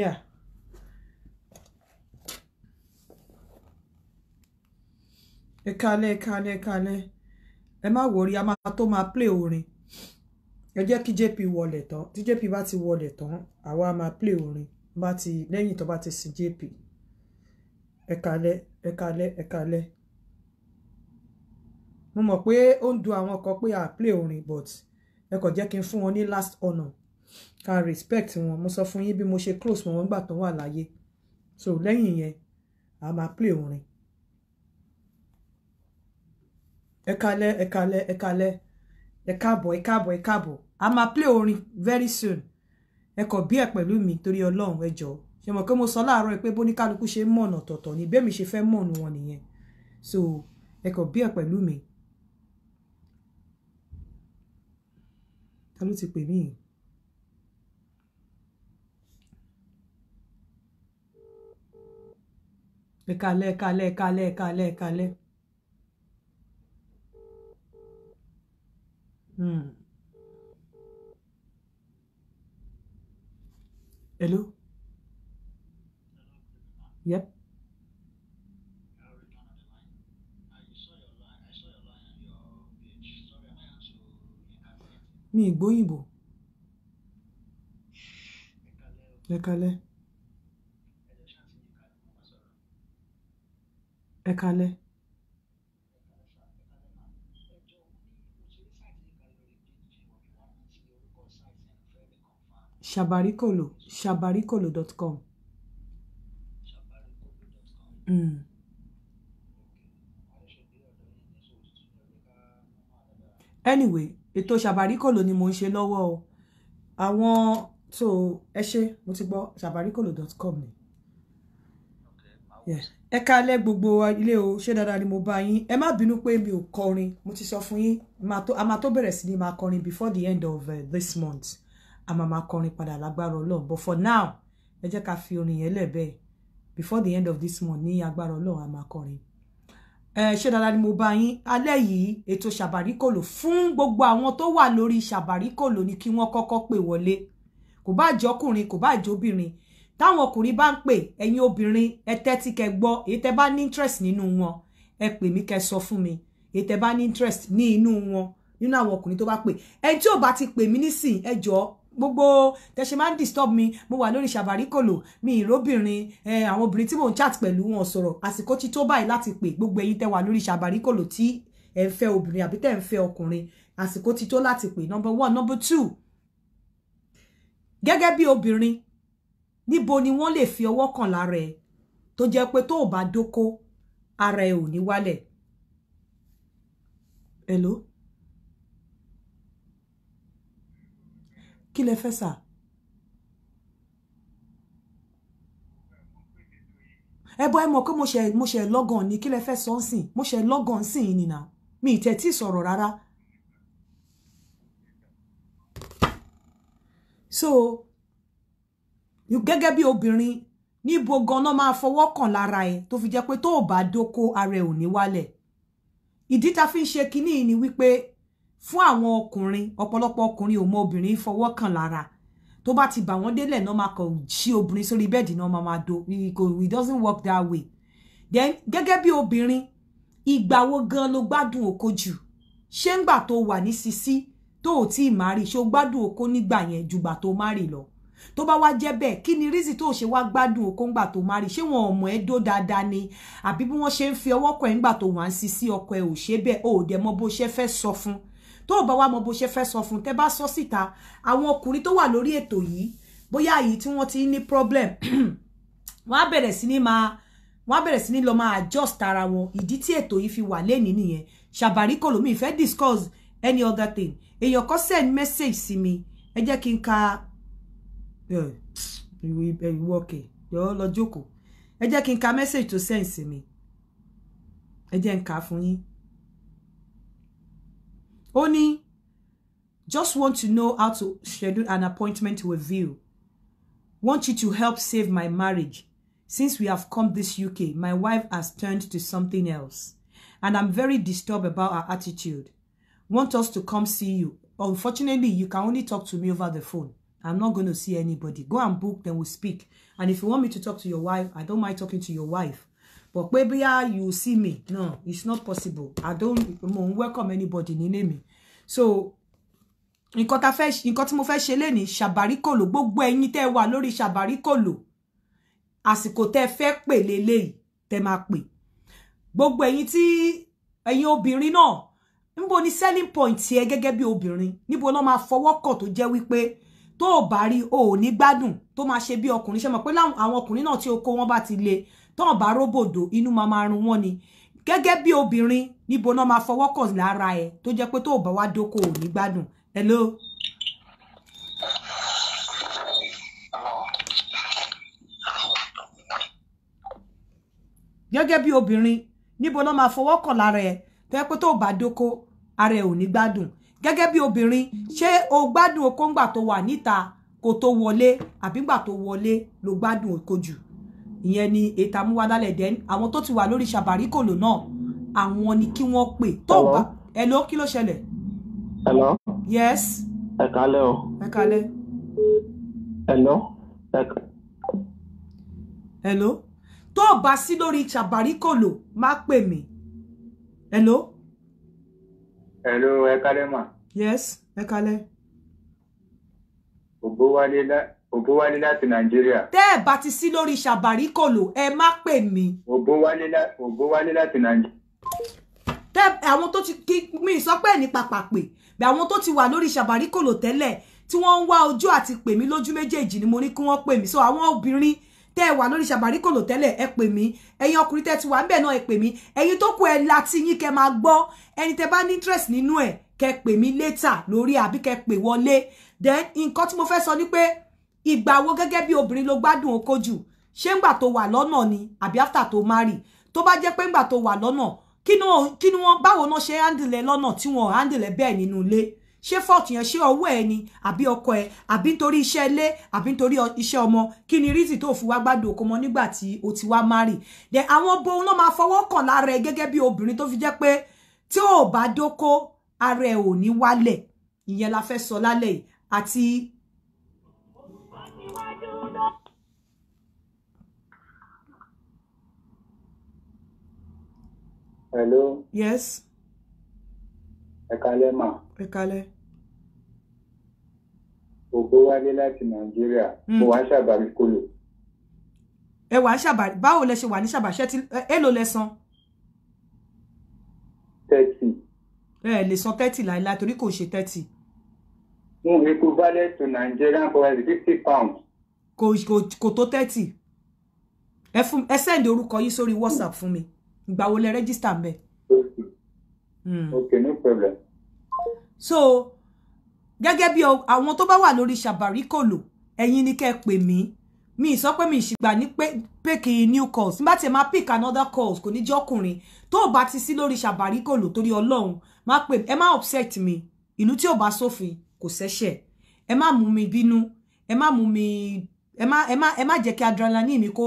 Yeah. ẹ kalẹ̀ ẹ kalẹ̀ ẹ kalẹ̀ ẹ má wọrí a máa tó máa play orin ẹ jẹ́ kí JP wọlé tán tí JP bá ti wọlé tán àwa máa play orin bá ti lẹ́yìn tó bá ti sin JP ẹ kalẹ̀ ẹ kalẹ̀ ẹ kalẹ̀ mo mọ̀ pé ó ń du àwọn kan pé à play orin but ẹ kàn jẹ́ kí n fún wọn ní last honour ká respect wọn mo sọ fún yín bí mo ṣe close mọ́ wọn nígbà tó wà láyé so lẹ́yìn yẹn a máa play orin ẹ kalẹ̀ ẹ kalẹ̀ ẹ kalẹ̀ ẹ káàbọ̀ ẹ káàbọ̀ ẹ káàbọ̀ a máa play orin very soon ẹ kọ bí ẹ pẹ̀lú mi torí Ọlọ́run ẹ jọ̀ọ́ ṣe mọ̀ pé mo sọ láàárọ̀ pé bóníkálukú ṣe ń mọ̀nà tọ̀tọ̀ ni bẹ́ẹ̀ mi ṣe fẹ́ mọ̀nù wọn nìyẹn so ẹ kọ bí ẹ pẹ̀lú mi ta ló ti pè mí yìí. ẹ kálẹ́ ẹ kálẹ́ ẹ kálẹ́ ẹ kálẹ́ ẹ kálẹ́. Hmm. Hello? Yep. Mi ìgbóyìnbó. le kalẹ́. Ẹ káalẹ́. Shabarikolo, com. Mm. Anyway, ètò shabarikolo ni mo ń ṣe lọ́wọ́ o. Àwọn so ẹ ṣé, mo ti gbọ́ shabarikolo.com ni. Okay, yes ẹ kálẹ́ gbogbo ilé o ṣé dáadáa ni mo bá yín ẹ má bínú pé mi ò kọrin mo ti sọ fún yín a máa tó bẹ̀rẹ̀ sí ni máa kọrin before the end of uh, this month a máa máa kọrin padà lágbára ọlọ́run but for now ẹ jẹ́ ká fi orin yẹn lẹ̀ bẹ́ẹ̀ before the end of this month ní agbára ọlọ́run a máa kọrin ṣé dáadáa ni mo bá yín alẹ́ yìí ètò ṣàbàríkòlò fún gbogbo àwọn tó wà lórí ṣàbàríkòlò ni kí wọ́n kọ́kọ́ pè wọlé kò bá jọkùnrin kò bá jọbìnrin táwọn ọkùnrin bá ń pè ẹ̀yin obìnrin ẹ tẹ́tí kẹ́ gbọ́ èyí tẹ́ bá ní interest nínú wọn ẹ pè mí kẹ́ sọ fún mi èyí tẹ́ bá ní interest ní inú wọn nínú àwọn ọkùnrin tó bá pè ẹni tí ò bá ti pè mí nísìn ẹ jọ̀ọ́ gbogbo tẹ̀sẹ̀ máa ń disturb mi mo wà lórí ṣàbáríkòlò mi ìróbìnrin ẹ àwọn obìnrin tí mò ń chat pẹ̀lú wọn sọ̀rọ̀ àsìkò tí tó báyìí láti pè gbogbo ẹ̀yin tẹ́ wà lórí ṣàbáríkòlò tí ẹ ń fẹ́ obìnrin àbí tẹ́ ń fẹ́ ọkùnrin àsìkò tí tó láti pè number one number two gẹ́gẹ́ bí obìnrin níbo ni wọ́n lè fi ọwọ́ kàn lára ẹ tó jẹ́ pé tó o bá dóko ara ẹ ò ní wálẹ̀ hello kí lẹ fẹ́ sà. ẹ bọ ẹ mọ̀ pé mo ṣe mo ṣe lọ́gàn ni kí lẹ fẹ́ sọ sìn mo ṣe lọ́gàn sìn nìyà mi ì tẹ̀tí sọ̀rọ̀ rárá. so gẹ́gẹ́ bí obìnrin níbo ganan máa fọwọ́ kàn lára ẹ tó fi jẹ́ pé tó o bá dóko ara ẹ ò ní wálẹ̀ ìdí ta fi ń ṣe kinní ni wípé fún àwọn ọkùnrin ọ̀pọ̀lọpọ̀ ọkùnrin ò mọ obìnrin fọwọ́ kàn lára tó bá ti bà wọ́n délẹ̀ náà máa kàn ṣí obìnrin sórí bẹ́ẹ̀dì náà máa máa do it doesn't work that way then gẹ́gẹ́ bí obìnrin ìgbà wo gan ló gbádùn oko jù ṣé ń gbà tó wà ní sisi tó ò tí ì má rí ṣó gbádùn oko nígbà yẹn jùgbà tó má rí lọ tó bá wá jẹ́ bẹ́ẹ̀ kí ni rízì tó ṣe wá gbádùn okó ńgbà tó máa rí ṣé wọn ọmọ ẹ dó dáadáa ni àbí bí wọ́n ṣe ń fi ọwọ́ kọ ẹ̀ ńgbà tó wà ń sisi ọkọ ẹ̀ ò ṣe bẹ́ẹ̀ o ò dẹ̀ mọ bó ṣe fẹ́ sọ fún tó bá wá mọ bó ṣe fẹ́ sọ fún tẹ́ bá sọ síta àwọn ọkùnrin tó wà lórí ètò yìí bóyá yìí tí wọ́n ti ní problem wọ́n á bẹ̀rẹ̀ sí ní máa wọ́n á bẹ̀rẹ̀ sí ní lọ máa adjust ara wọn ìdí tí ètò yìí fi wà lẹ́ni nìyẹn ṣàbárí kòlómì fẹ́ discuss any other thing èèyàn kan send message sí mi ẹ jẹ́ kí n ka ìwọ òkè yọ lọ jókòó ẹ jẹ́ kí n ka mẹ́sẹ̀jì tó sẹ́ǹsì mi ẹ jẹ́ n kà á fún yín ó ní just want to know how to schedule an appointment with you want you to help save my marriage since we have come this UK my wife has turned to something else and I'm very disturbed about her attitude want us to come see you unfortunately you can only talk to me over the phone I'm not going to see anybody. Go and book, then we'll speak. And if you want me to talk to your wife, I don't mind talking to your wife. But maybe you see me. No, it's not possible. I don't welcome anybody nílé mi. So, in kota fẹ́ in kota mo fẹ́ ṣe lé ní ṣàbáríkòlò gbogbo ẹ̀yin tẹ́ wà lórí ṣàbáríkòlò àsìkò tẹ́ fẹ́ pè léléyìí tẹ́ máa pè gbogbo ẹ̀yin tí ẹ̀yin obìnrin náà níbo ni selling point yẹ gẹ́gẹ́ bí obìnrin níbo ló máa fọwọ́ kàn tó jẹ́ wípé tó ò bá rí o ò ní gbádùn tó máa ṣe bí ọkùnrin ṣe mọ̀ pé àwọn ọkùnrin náà tí oko wọn bá ti le tó ò bá róbòdò inú máa máa run wọn ni gẹ́gẹ́ bí obìnrin níbo náà máa fọwọ́ kàn lára ẹ̀ tó jẹ́ pé tó ò bá wá dóko ò ní gbádùn hello. gẹ́gẹ́ bí obìnrin níbo náà máa fọwọ́ kàn lára ẹ̀ tó jẹ́ pé tó ò bá dóko ara ẹ̀ ò ní gbádùn gẹ́gẹ́ bí obìnrin ṣé o gbádùn okó ńgbà tó wà níta kó tó wọlé àbí ńgbà tó wọlé ló gbádùn okó jù ìyẹn ni ètò àmúwádálẹ̀ dẹ́n àwọn tó ti wà lórí ṣàbáríkòlò náà àwọn ni kí wọ́n pè tó bá hello kí ló ṣẹlẹ̀. hello. yes. ẹ o. ẹ kálẹ́. hello. hello. tó bá sí lórí ṣàbáríkòlò má pè mí. hello hello ẹ kálẹ́ mà. yes ẹ kálẹ́. ògbówálé lá ògbówálé láti nàìjíríà. tẹ́ ẹ bá ti sí lórí ṣàbàríkòlò ẹ má pè mí. ògbówálé lá ògbówálé láti nàìjíríà. tẹ́ àwọn tó ti kí mi sọ pé ní pàpàpè bí àwọn tó ti wà lórí ṣàbàríkòlò tẹ́lẹ̀ tí wọ́n ń wá ojú àti pè mí lójú méjèèjì ni mo ní kí wọ́n pè mí so àwọn obìnrin tẹ́ ẹ wà lórí ṣàbàríkòlò tẹ́lẹ̀ ẹ pè mí ẹ̀yin ọkùnrin tẹ́ ti wà ńbẹ̀ náà ẹ pè mí ẹ̀yin tó kù ẹ láti yín kẹ́ máa gbọ́ ẹni tẹ́ bá ní interest nínú ẹ̀ kẹ́ pè mí later lórí àbí kẹ́ pè wọlé then nǹkan tí mo fẹ́ sọ ni pé ìgbà wo gẹ́gẹ́ bí obìnrin ló gbádùn oko jù ṣé ńgbà tó wà lọ́nà ni àbí after tó marry tó bá jẹ́ pé ńgbà tó wà lọ́nà kí ni wọ́n báwo náà ṣe handle ẹ lọ́nà tí wọ́n handle ẹ bẹ́ẹ̀ nínú ilé ṣé fault yẹn ṣé ọwọ́ ẹ ni àbí ọkọ ẹ àbí nítorí iṣẹ́ ilé àbí nítorí iṣẹ́ ọmọ kí ni reason tó fi wá gbádùn ọkọ nígbà tí o ti wá marry then àwọn bo ló máa fọwọ́ kàn lára ẹ gẹ́gẹ́ bí obìnrin tó fi jẹ́ pé tí ò bá dóko ara ẹ ò ní wálẹ̀ ìyẹn la fẹ́ sọ lálẹ́ yìí àti Hello. Yes ẹ ma. mà. ẹ kálẹ́. ògbó wálé láti nàìjíríà hmm. mo wá ṣàbàrí kolo. ẹ wàá ṣàbà báwo lẹ ṣe wà ní ṣàbàṣẹ tí èlò lẹ san. thirty. ẹ lè san thirty láìláì torí kò ṣe thirty. n equivalent to Nigerian currency fifty pounds. kò kò tó thirty ẹ fún ẹ sẹ́ndì orúkọ yín sórí WhatsApp fún mi ìgbà wo lẹ rẹ́gísítà ń Mm. Okay, no problem. So, gẹ́gẹ́ bí àwọn tó bá wà lórí ṣàbàríkòlò ẹ̀yin ni kẹ́ ẹ pè mí mi sọ pé mi ìṣìgbà ní pé pèkì new calls nígbà tí ẹ máa pick another calls kò ní jẹ́ ọkùnrin tó o bá ti sí lórí ṣàbàríkòlò torí ọlọ́run má pè ẹ má upset mi ìlú tí ò bá sófin kò ṣẹ̀ṣẹ̀ ẹ má mú mi bínú ẹ má mú mi ẹ má ẹ má ẹ má jẹ́ kí adrenaline mi kó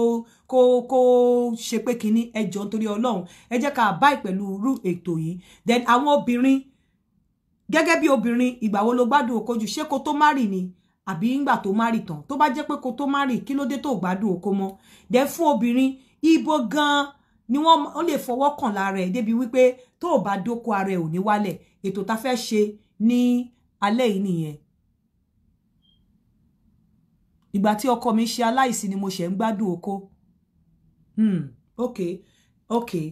kó kó ṣe pé kinní ẹ jọ nítorí Ọlọ́run ẹ jẹ́ ká báyìí pẹ̀lú irú ètò yìí then àwọn obìnrin gẹ́gẹ́ bí obìnrin ìgbà wo ló gbádùn okojú ṣé to tó márì ni àbí ńgbà tó márì tán tó bá jẹ́ pé kó tó márì kí ló dé oko mọ́ then fún obìnrin ibo gan ni wọ́n lè fọwọ́ kàn lára ẹ̀ débi wípé tó o bá dóko ara ẹ̀ ò ní wálẹ̀ ètò tá fẹ́ ṣe ní alẹ́ ìgbà tí ọkọ mi ṣe aláìsí ni mo ṣe ń gbádùn oko hmm okay okay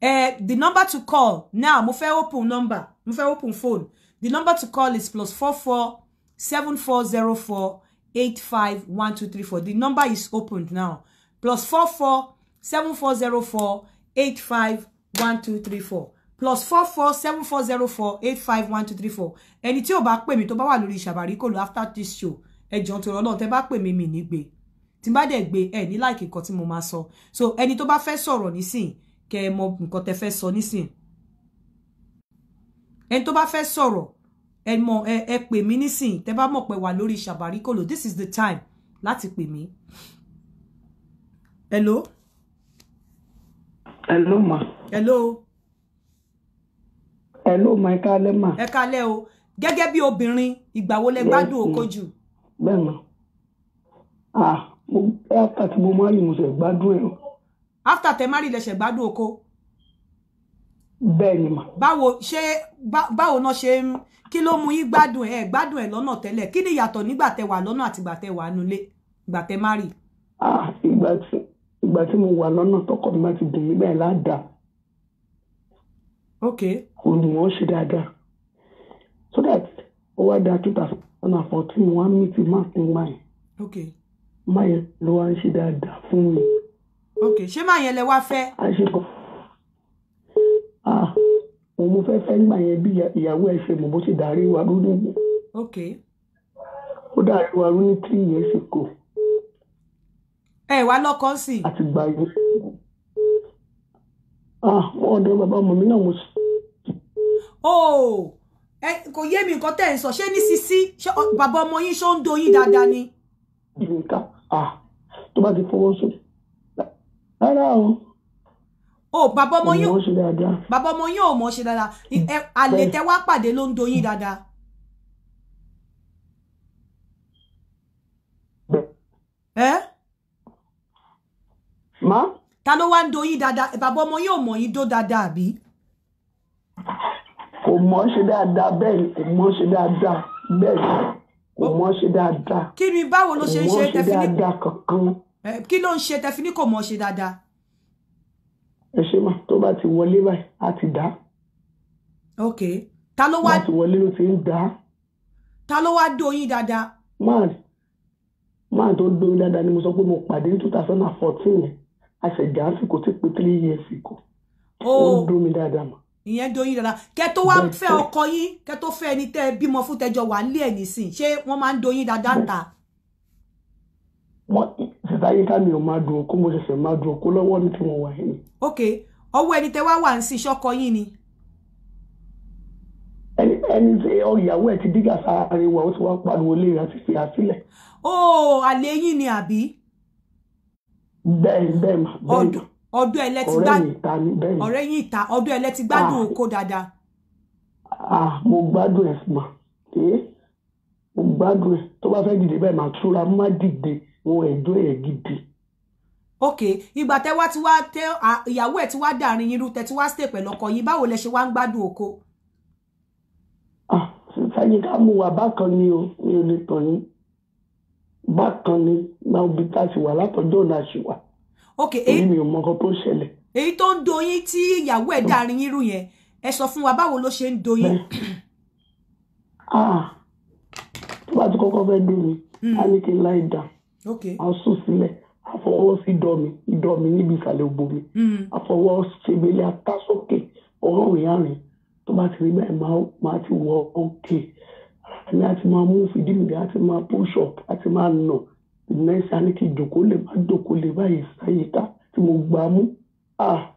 Eh, the number to call now mo fẹ́ open number mo fẹ́ open phone the number to call is plus four four seven four zero four eight five one two three four the number is opened now plus four four seven four zero four eight five one two three four plus four four seven four zero four eight five one two three four ẹni tí ò bá pè mí tó bá after this show ẹjọ́ nítorí ọlọ́run tẹ́ bá pè mí mi nígbè tí bá dẹ̀ gbé ẹ ní láìkí nǹkan tí mo máa sọ so ẹni tó bá fẹ́ sọ̀rọ̀ nísìn kẹ ẹ mọ nǹkan tẹ́ fẹ́ sọ nísìn ẹni tó bá fẹ́ sọ̀rọ̀ ẹ mọ ẹ ẹ pè mí nísìn tẹ́ bá mọ̀ pé wà lórí ṣàbáríkòlò this is the time láti pè mí. hello. hello ma. hello. hello ma ẹ kálẹ́ ma. ẹ kálẹ́ o gẹ́gẹ́ bí obìnrin ìgbà wo lẹ gbádùn okó jù. Yes, bẹ́ẹ̀ náà ah mo after tí mo marry mo ṣe gbádùn ẹ̀ o. after tẹ marry lẹ ṣe gbádùn oko. bẹ́ẹ̀ ni mà. báwo ṣé báwo náà ṣe ń kí ló mú yín gbádùn ẹ̀ gbádùn ẹ̀ lọ́nà tẹ́lẹ̀ kí ni ìyàtọ̀ nígbà tẹ wà lọ́nà àti ìgbà tẹ wà nulẹ̀ ìgbà tẹ marry. ah ìgbà tí ìgbà tí mo wà lọ́nà tọkọ mi máa ti dùn mí bẹ́ẹ̀ ládàá. ok. olùwọ́n ṣe dáadáa so that ó wá da two thousand ọ̀nà àpọ̀tí mo wá mí ti máa fún máa ok. máa ló wá ń ṣe dáadáa fún mi. ok ṣé máa yẹn lẹ wá fẹ́. a ah òun mo fẹ́ fẹ́ nígbà yẹn bí ìyàwó ẹ̀ ṣe mọ̀ bó ṣe dàrí wa rú nìyẹn. ok. ó dàrí wa rú ní three years ago. ẹ wá lọ́kọ sí. àti gbà yẹn. ah ọ̀dọ̀ bàbá ọmọ mi náà mo sùn. Oh ẹ kò yé mi nǹkan tẹ́ ẹ̀ ń sọ ṣé ní sisi bàbá ọmọ yín ṣó ń doyin dáadáa ni. ìgbìkà tó bá ti fọwọ́ sórí rárá o. o bàbá ọmọ yín bàbá ọmọ yín ò mọ̀ ṣe dáadáa hmm. àlè tẹ wá pàdé ló ń doyin dáadáa. ẹ. má. ta ló wá ń doyin dáadáa bàbá ọmọ yín ò mọ̀ yín dó dáadáa àbí kò mọ̀ ṣe dáadáa bẹ́ẹ̀ ni kò mọ̀ ṣe dáadáa bẹ́ẹ̀ ni kò mọ̀ ṣe dáadáa. kí ni báwo ló ṣe ń ṣe tẹfini kí ló ń ṣe tẹfini kò mọ̀ ṣe dáadáa. ẹ ṣe mà tó bá ti wọlé báyìí á ti dá. ok ta ló wá má ti wọlé ló ti ń dá. ta ló wá dóyin dáadáa. máa máa tó dóyin dáadáa ni mo sọ pé mo pàdé ní two thousand and fourteen àṣẹjà àsìkò tí pé three years ago. Oh. ó ń mi dáadáa mà ìyẹn doyin dada kẹ tó wá fẹ́ ọkọ yín kẹ tó fẹ́ ẹni tẹ́ ẹ bímọ fún tẹjọ wà lé ẹ nísìn ṣé wọ́n máa ń doyin dada ń ta. sísá yìí ká mi ò máa dùn okó mo ṣẹ̀ṣẹ̀ máa dùn okó lọ́wọ́ ní tí wọ́n wà yìí. ok ọwọ́ ẹni tẹ́ wá wà ń sin ṣọ́kọ yín ni. ẹni ẹni ìyàwó ẹ ti dígà sáré wa ó ti wá pariwo lé àti fi àsílẹ̀. ooo àlè yín ni àbí. bẹ́ẹ̀ bẹ́ẹ̀ mà bẹ́ẹ̀ ọdún ẹ lẹ́ti gbádùn ọ̀rẹ́ yín ìta ọdún ẹ lẹ́ti gbádùn ah. oko dáadáa. ah mo gbádùn ẹ mà ee mo gbádùn ẹ tó bá fẹ́ dìde báyìí màá túra má dìde wọn ẹ̀dọ́ ẹ̀ gidi. ok ìgbà tẹ wá ti wá tẹ ìyàwó ẹ ti wá dàrin irú tẹ ti wá stay pẹ̀lú ọkọ yìí báwo lẹ ṣe wá ń gbádùn oko. ah sẹ́yìn ká mú wa bákan ni o mi ò lè tàn yín bákan ni máa bí tá a ṣì wà látọjọ́ náà ṣì wà ok èyí mi ò mọ tó ṣẹlẹ̀. èyí tó ń doyin tí ìyàwó ẹ̀ dárin irú yẹn ẹ sọ fún wa báwo ló ṣe ń doyin. Ah, ah. tó bá ti kọ́kọ́ fẹ́ dùn mí á ní kí n láì dà á sùn sílẹ̀ àfọwọ́ sí ìdọ̀ mi ìdọ̀ mi níbi ìsàlẹ̀ òbò mi àfọwọ́ hmm. ṣègbélé atásókè ọ̀rọ̀ rẹ̀ àrìn tó bá ti rí báyìí máa ti wọ òkè àmì àti máa mú fìdí mi àti máa push up àti máa nà. No ṣùgbọ́n ẹ̀sà ní kí ìjòkó lè má dòkó lè báyìí sáyíká tí mo gbà mú à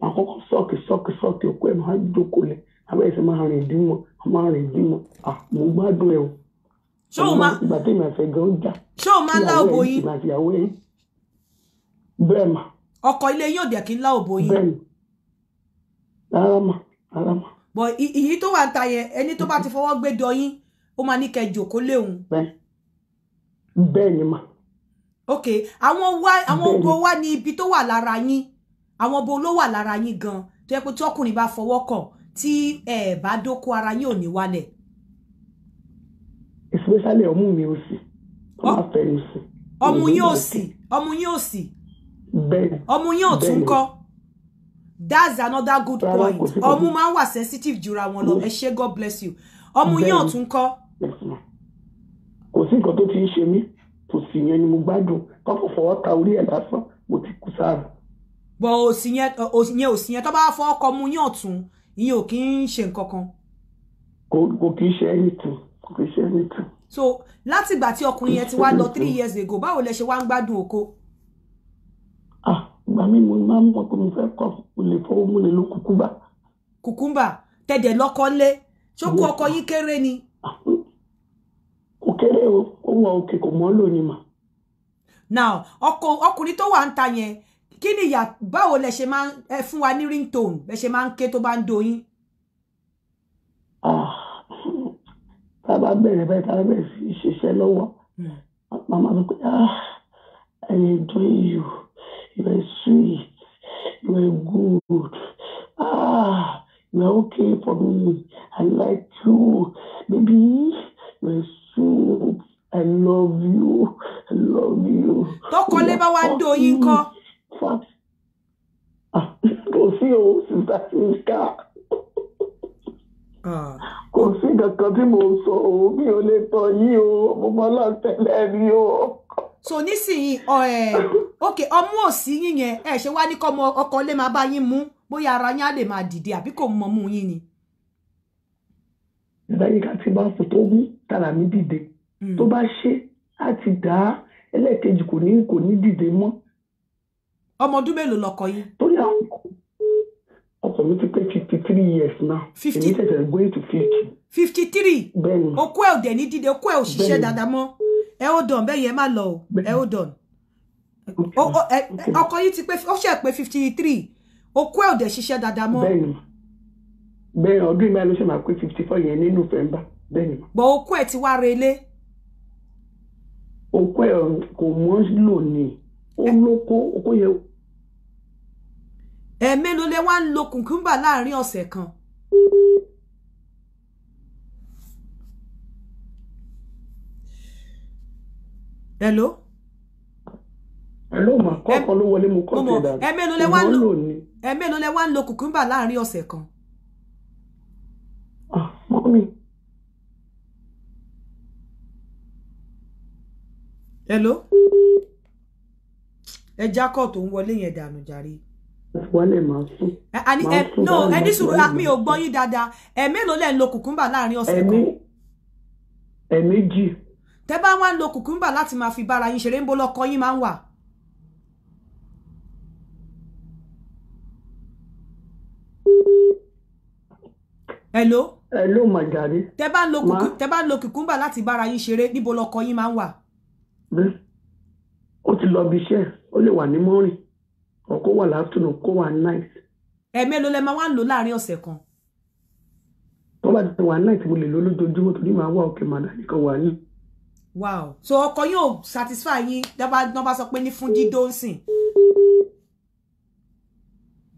máa kọ́kọ́ sọ́ọ̀kì sọ́ọ̀kì sọ́ọ̀kì òkú ẹ̀ máa dòkó lẹ̀ abẹ́rẹ́ sẹ́ máa rìn dín wọn máa rìn dín wọn à mo gbádùn ẹ̀ o. ṣé o máa ìgbà tí màá fẹ́ gan ó jà ṣé o máa lá òbò bẹ́ẹ̀ mà. ọkọ ilé yóò dẹ̀ kí ń lá òbò bẹ́ẹ̀ ni rárá mà rárá mà. bọ̀ ìyí tó wà ń ta yẹn ẹni tó bá ti fọwọ́ gbé dọyín ó máa ní kẹ́ jòkó léhùn. bẹ́ẹ̀ bẹ́ẹ̀ ni mà. ok àwọn wá àwọn ògo wá ní ibi tó wà lára yín àwọn bo ló wà lára yín gan tó yẹ pé tọkùnrin bá fọwọ́ kàn tí ẹ bá dóko ara yín ò ní wálẹ̀. especially ọmú mi ò sí ọmọ afẹ́ mi sí. ọmú yín ò sí ọmú yín ò sí. bẹ́ẹ̀ ọmú yín ò tún kọ́ that's another good point ọmú máa ń wà sensitive jura wọn lọ ẹ ṣé god bless you ọmú yín ò tún kọ́ sí nǹkan tó ti ń ṣe mí tòsí yẹn ni mo gbádùn kọ́kọ́ fọwọ́ ta orí ẹ̀ lásán mo ti kú sáàrù. bọ òsì yẹn òsì yẹn tó bá fọ ọkọ mu yín ọ̀tún ìyẹn ò kì í ṣe nǹkan kan. kò kì í ṣe anything kò kì í ṣe anything. so látìgbà tí ọkùnrin yẹn ti wá lọ three years ago báwo lẹ ṣe wá ń gbádùn oko. ah ìgbà mi mo máa ń mọ pé mo fẹ́ kọ́ mo fọwọ́ mo lè lo kùkúmbà. kùkúmbà tẹ̀dẹ̀ lọ́kọ́ lé ṣókú ọkọ yín kéré ni. Ah, kéré o ó wọ òkè kò mọ́ lò ní mà. now ọkọ ọkùnrin tó wà ń ta yẹn kí ni ìyá báwo lẹ ṣe máa ń fún wa ní ringtone bẹ ṣe máa ń ké tó bá ń doyin. Ah, tá a bá bẹ̀rẹ̀ báyìí tá a bẹ̀rẹ̀ sí í ṣiṣẹ́ lọ́wọ́ hmm. màmá mi pé ẹ̀yin ah, doyin you you are sweet you are good ah you are okay for me I like you baby you are sweet you. I love you. I love you. Tọ́kọlé bá wá dóyin kọ́. Kò sí owó sísá sí ká. Ah. Kò sí kankan tí mo sọ òun mi ò lè tọ́ yín o, mo máa lọ tẹ́lẹ̀ rí o. So nísìnyí ok ọmú òsì yín yẹn ẹ ṣe wá ní kọ́ ọkọ lé máa bá yín mú bóyá ara yín á lè máa dìde àbí kò mọ̀ mú yín ni nígbàyíká tí bá fò tó wú tara mi dìde hmm. tó bá ṣe á ti dá ẹlẹ́ẹ̀kejì kò ní kò ní dìde mọ́. ọmọ ọdún mélòó lọkọ yín. torí àwọn ọkọ mi ti pé fifty three years now èmi ṣẹ̀ṣẹ̀ going to fifty. fifty three bẹ́ẹ̀ni okó ẹ̀ ò dẹ̀ ní dìde okó ẹ̀ ò ṣiṣẹ́ dáadáa mọ́ ẹ ó dàn bẹ́ẹ̀ yẹn má lọ o ẹ ó dàn ọkọ yìí ti pé ó ṣe pé fifty three okó ẹ̀ ò dẹ̀ ṣiṣẹ́ dáadáa mọ́. bẹ́ẹ̀ni bẹ́ẹ̀ ọdún ìmọ̀ ló ṣe máa pé fifty four yẹn ní november bẹ́ẹ̀ ni. bọ̀ okú ẹ̀ ti wá re ilé. okú ẹ̀ kò mọ́ lò ní ó lóko okó yẹn. ẹ̀ẹ̀mélòó lè wá ń lo kùkúmbà láàrin ọ̀sẹ̀ kan. hello. hello ma kọ́kọ́ ló wọlé mo kọ́ ṣe dáadáa. ẹ̀ẹ̀mélòó lè wá ń lo kùkúmbà láàrin ọ̀sẹ̀ kan mi. hello ẹ jákọ̀ tó ń wọlé yẹn dànù jàre. wọlé máa sùn. àní ẹ no ẹni sùúrù mi ò gbọ́ yín dáadáa ẹ mélòó lẹ́ ń lo kùkúmbà láàrin ọ̀sẹ̀ kan. ẹ méjì. tẹ bá wá ń lo kùkúmbà láti máa fi bára yín ṣeré ń bó lọkọ yín máa ń wà. hello ẹ ló mà jàre. tẹ bá ń lo kìkúmbà láti bára yín ṣeré níbo lọkọ yín máa ń wà. ó ti lọ bí iṣẹ́ ó lè wà ní mọ́rin ọkọ wà láfùtúnù kó wà náìt. ẹ mélòó lẹ máa wá ń lò láàrin ọ̀sẹ̀ kan. tó bá ti wà náìt mo lè lo lójoojúmọ́ torí màá wà òkè màdà nìkan wà ní. wow so ọkọ yóò satisfy yín dábàá náà bá sọ pé ní fún dídó ń sìn.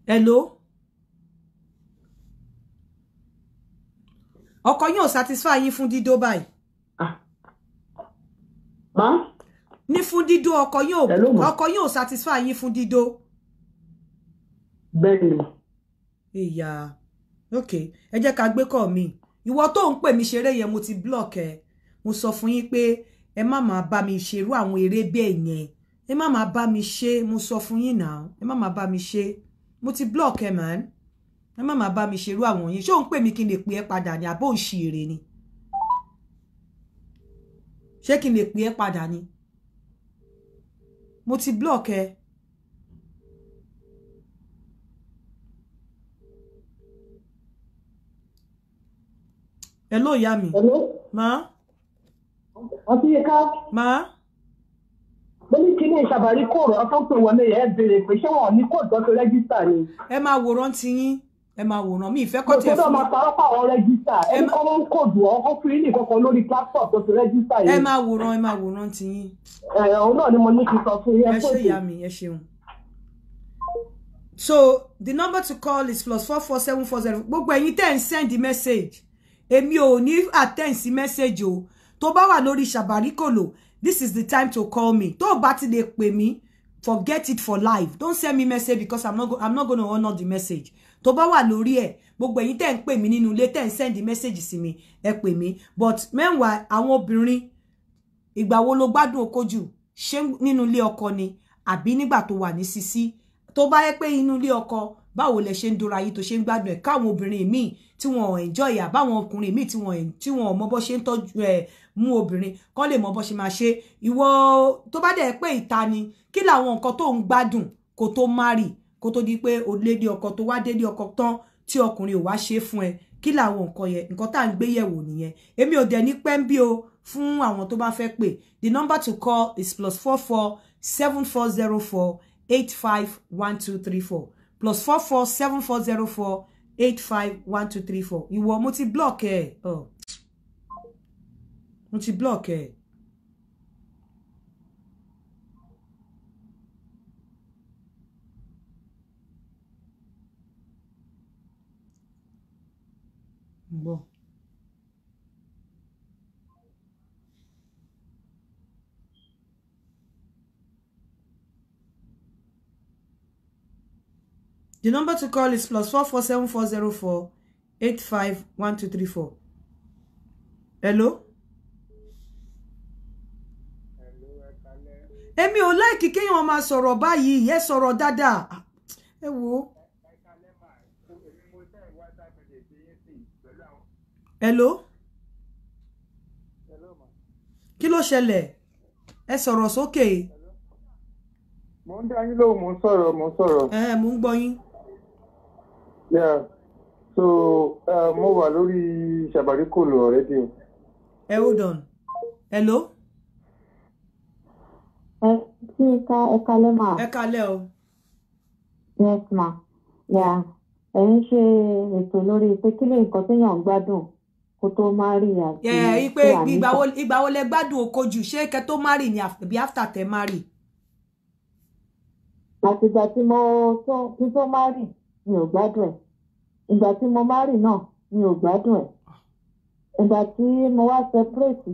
hello. ọkọ yín satisfy yín fún dídó báyìí. Ah. má. ní fún dídó ọkọ yín ò ọkọ yín satisfy yín fún dídó. bẹ́ẹ̀ ni. ìyá ok ẹ jẹ́ ká gbé kọ́ mi ìwọ tó ń pè mí ṣeré yẹn mo ti block ẹ mo sọ fún yín pé ẹ má máa bá mi ṣerú àwọn eré bẹ́ẹ̀ yẹn ẹ má máa bá mi ṣe mo sọ fún yín náà ẹ má máa bá mi ṣe mo ti block ẹ man ẹ má máa bá mi ṣerú àwọn yìí ṣé òun pè mí kí n lè pè ẹ́ padà ni àbó òṣì èrè ni ṣé kí n lè pè ẹ́ padà ni mo ti block ẹ. hello ìyá mi. ma. àti ma. mo ní kí ní ìṣàbàrí kóòrò ọtọ́ pé wọlé ẹ béèrè pé ṣé wọn ò ní kóòtù tó rẹ́gísítà ni. ẹ máa wòran tiyín ẹ máa wòran mi ìfẹ́ kọ́ tiẹ̀ fún wa. mo tó máa parọ́ pàwọ́ rẹ́gísítà ẹni kọ́ ló ń kóòdù ọ́ kó fi ní kankan lórí platform tó ti rẹ́gísítà yìí. ẹ máa wòran ẹ máa wòran tiyín. ẹ òun náà ni mo ní kí n sọ fún yẹn fún ẹ ṣe ìyá mi ẹ ṣeun. so the number to call is plus four four seven four zero gbogbo ẹ̀yin tẹ́ ń send message èmi ò ní attend sí message o tó bá wà lórí ṣàbáríkòlò this is the time to call me tó o bá ti lè pè mí forget it for life don't send me message because i'm not, go I'm not gonna honour the message tó bá wà lórí ẹ̀ gbogbo ẹ̀yin tẹ́ ń pè mí nínú ilé tẹ́ ń send message sí mi ẹ pè mí but meanwhile àwọn obìnrin ìgbà wo ló gbádùn oko jù ṣé nínú ni àbí nígbà tó wà ní sisi tó bá yẹ pé inú ilé ọkọ báwo lẹ ṣe ń dora yìí tó ṣe ń gbádùn ẹ káwọn obìnrin míì tí enjoy ya ọkùnrin míì tí wọn tí wọn mọ bó ṣe ń tọ́jú ẹ mú obìnrin kán lè mọ bó ṣe máa ṣe ìwọ tó bá dẹ̀ pé ìta ni kí làwọn nǹkan tó ń gbádùn kó marry kó tó di pé o lé dé ọkọ tó wá dé dé ọkọ tán tí ọkùnrin ò wá ṣe fún ẹ kí làwọn nǹkan yẹn nǹkan tá à ń gbé yẹ̀wò nìyẹn èmi ò dẹ̀ ní pẹ́ńbí o fún àwọn tó bá fẹ́ pè the number to call is plus four four seven four zero four eight five one two three four plus four four seven four zero four eight five one two three four ìwọ mo ti block ẹ ọ mo ti block ẹ. Eh. gbọ́. The number to call is plus four four seven four zero four eight five one two three four. Hello? Èmi ò láìkí kéèyàn máa sọ̀rọ̀ báyìí, ìyẹn sọ̀rọ̀ hello kí ló ṣẹlẹ̀ ẹ sọ̀rọ̀ sókè. mo ń dá yín lóhùn mo ń sọ̀rọ̀ mo ń sọ̀rọ̀. ẹ mo ń gbọ́ yín. yeah so uh, mo wà lórí ṣàbàríkòlò already. ẹ hold on hello. ẹ kí ká ẹ kalẹ́ mà. ẹ kalẹ́ o. yes ma. ẹ̀yin ṣe ètò lórí pé kí lè nǹkan téèyàn gbádùn kó tó má rí àti pé àmì ìgbà wo lẹ gbádùn okojú ṣé kẹ tó má rí ni àbí after tẹ má rí. àtìgbà tí mo tí tó má rí mi ò gbádùn ẹ̀ ìgbà tí mo má rí náà mi ò gbádùn ẹ̀ ah. ìgbà tí mo wá separate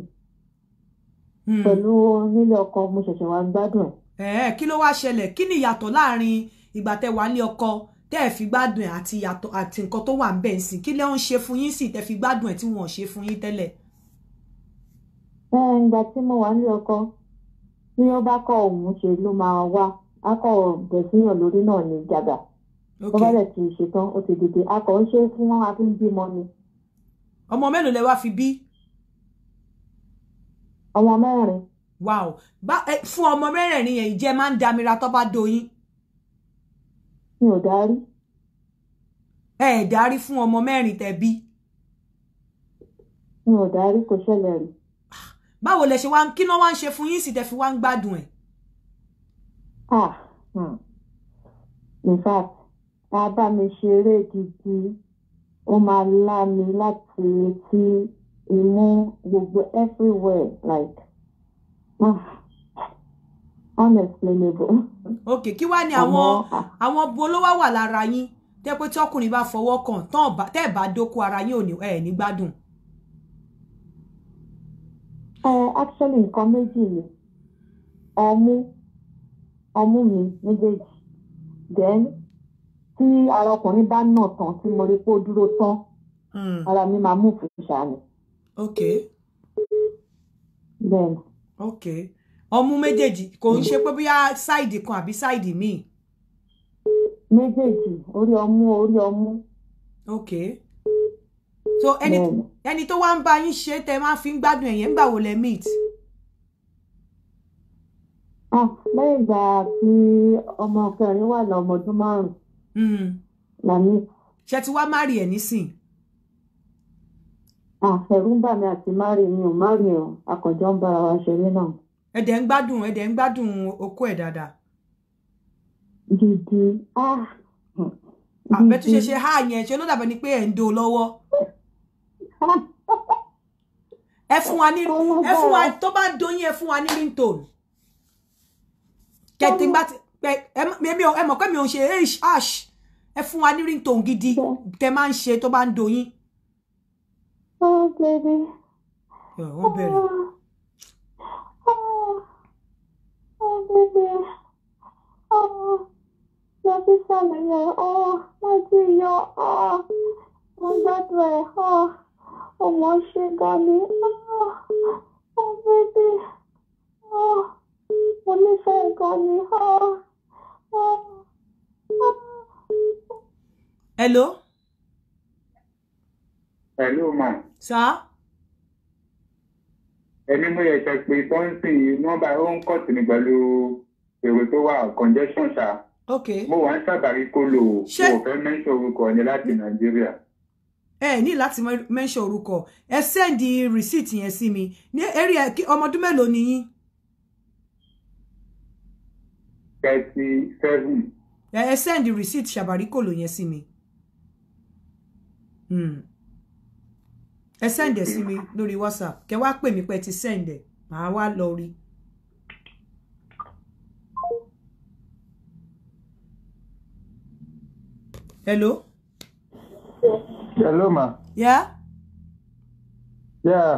hmm. pẹ̀lú nílé ọkọ mo ṣẹ̀ṣẹ̀ wá gbádùn ẹ̀. ẹ kí ló wá ṣẹlẹ̀ kí ni ìyàtọ̀ láàrin ìgbà tẹ wà nílé ọkọ tẹ́ ẹ̀ fi gbádùn ẹ̀ àti yàtọ̀ àti nǹkan tó wà ń bẹ̀ sí kí lẹ́ ń ṣe fún yín sì tẹ́ fi gbádùn ẹ̀ tí wọ́n ṣe fún yín tẹ́lẹ̀. ìgbà tí mo wà nílé ọkọ tí ó bá kọ òun ṣe ló máa wá akọ bẹ̀síyàn lórí náà ní jàgà bó bá dẹ̀ ti ṣetán ó ti dìde akọ ń ṣe fún wọn àti bímọ ni. ọmọ mélòó lẹ wá fi bí. ọmọ mẹ́rin. wow bá fún ọmọ mẹ́rẹ̀ẹ̀rin yẹn ìjẹ́ máa ń damira tó bá doyin mi ò darí. ẹ ẹ darí fún ọmọ mẹ́rin tẹ̀bí. mi ò darí kò ṣẹlẹ̀ rí. báwo lẹ ṣe wá kí náà wá ń ṣe fún yín sì tẹ fi wá ń gbádùn ẹ. ah hmm. in fact tá a bá mi ṣeré gidi ó máa lá mi láti etí imú gbogbo everywhere like. Ah unexplainable. ok kí wá ní àwọn àwọn bo ló wá wà lára yín tẹ pé tí ọkùnrin bá fọwọ́ kàn tán tẹ́ ẹ̀ bá dóko ara yín ò ní ẹ̀ ní gbádùn. ẹ actually nǹkan méjì ni ọmú ọmú mi méjèèjì then tí ara ọkùnrin bá nà tán tí mo rí pé ó dúró tán hmm. ara mi máa mú fún ìṣàánú. ok. then. ok ọmú méjèèjì kò ń ṣe pé bóyá ṣáìdì kan àbí ṣáìdì míì. méjèèjì orí ọmú orí ọmú. ok so ẹni ẹni tó wá ń bá yín ṣe tẹ máa fi ń gbádùn ẹ̀yẹ́ ńgbà wo lẹ meet. ah lẹ́yìn ìgbà tí ọmọ kẹrin wà lọ́mọ ọdún márùn-ún. Hmm. làmì. ṣé ti wá má rí ẹ̀ nísìn. ah ẹ̀rù ń bà mí àti má rí mi ò má rí ọ àkànjọ ń bára wa ṣeré náà ẹ dẹ̀ ń gbádùn ẹ dẹ̀ ń gbádùn oko ẹ̀ dáadáa. dèdè á. àbẹ̀tú ṣe ṣe yẹn ṣe ló dàbẹ̀ ni pé ẹ̀ ń do lọ́wọ́. ẹ fún wa ní oh ẹ fún wa tó bá doyin ẹ fún wa ní ringtone. kẹ̀tìgbà ẹ mọ̀ pé mi ò ṣe ash ẹ fún wa ní ringtone gidi tẹ máa ń ṣe tó bá ń doyin. Oh, baby. Yeah, bẹ̀rẹ̀. Ah. b a b 那不是男人哦，我只有啊，我不要哈，我没事干呢，啊，我 b a b 我没事干呢哈，哦，hello，hello，妈，啥？ẹni mo yẹ kẹ pé pọ́ǹsì nọ́mbà ó ń kọ̀tì ní pẹ̀lú èrò tó wà congestion ṣá. ok mo wà ń ṣàbàrí kó lò ó mo fẹ́ mẹ́ṣọ̀ orúkọ ni láti nàìjíríà. ẹ ní láti mẹ́ṣọ̀ orúkọ ẹ sẹ́ndì rìsíìtì yẹn sí mi ní eré ọmọdún mélòó ni yín. thirty seven. ẹ sẹ́ndì rìsíìtì ṣàbàrí kó lò yẹn sí mi. Hmm ẹ sẹ́ǹdẹ̀ sí mi lórí whatsapp kẹ wá pè mí pé ti sẹ́ǹdẹ̀ màá wá lọ rí. hello. hello ma. yeah. yeah.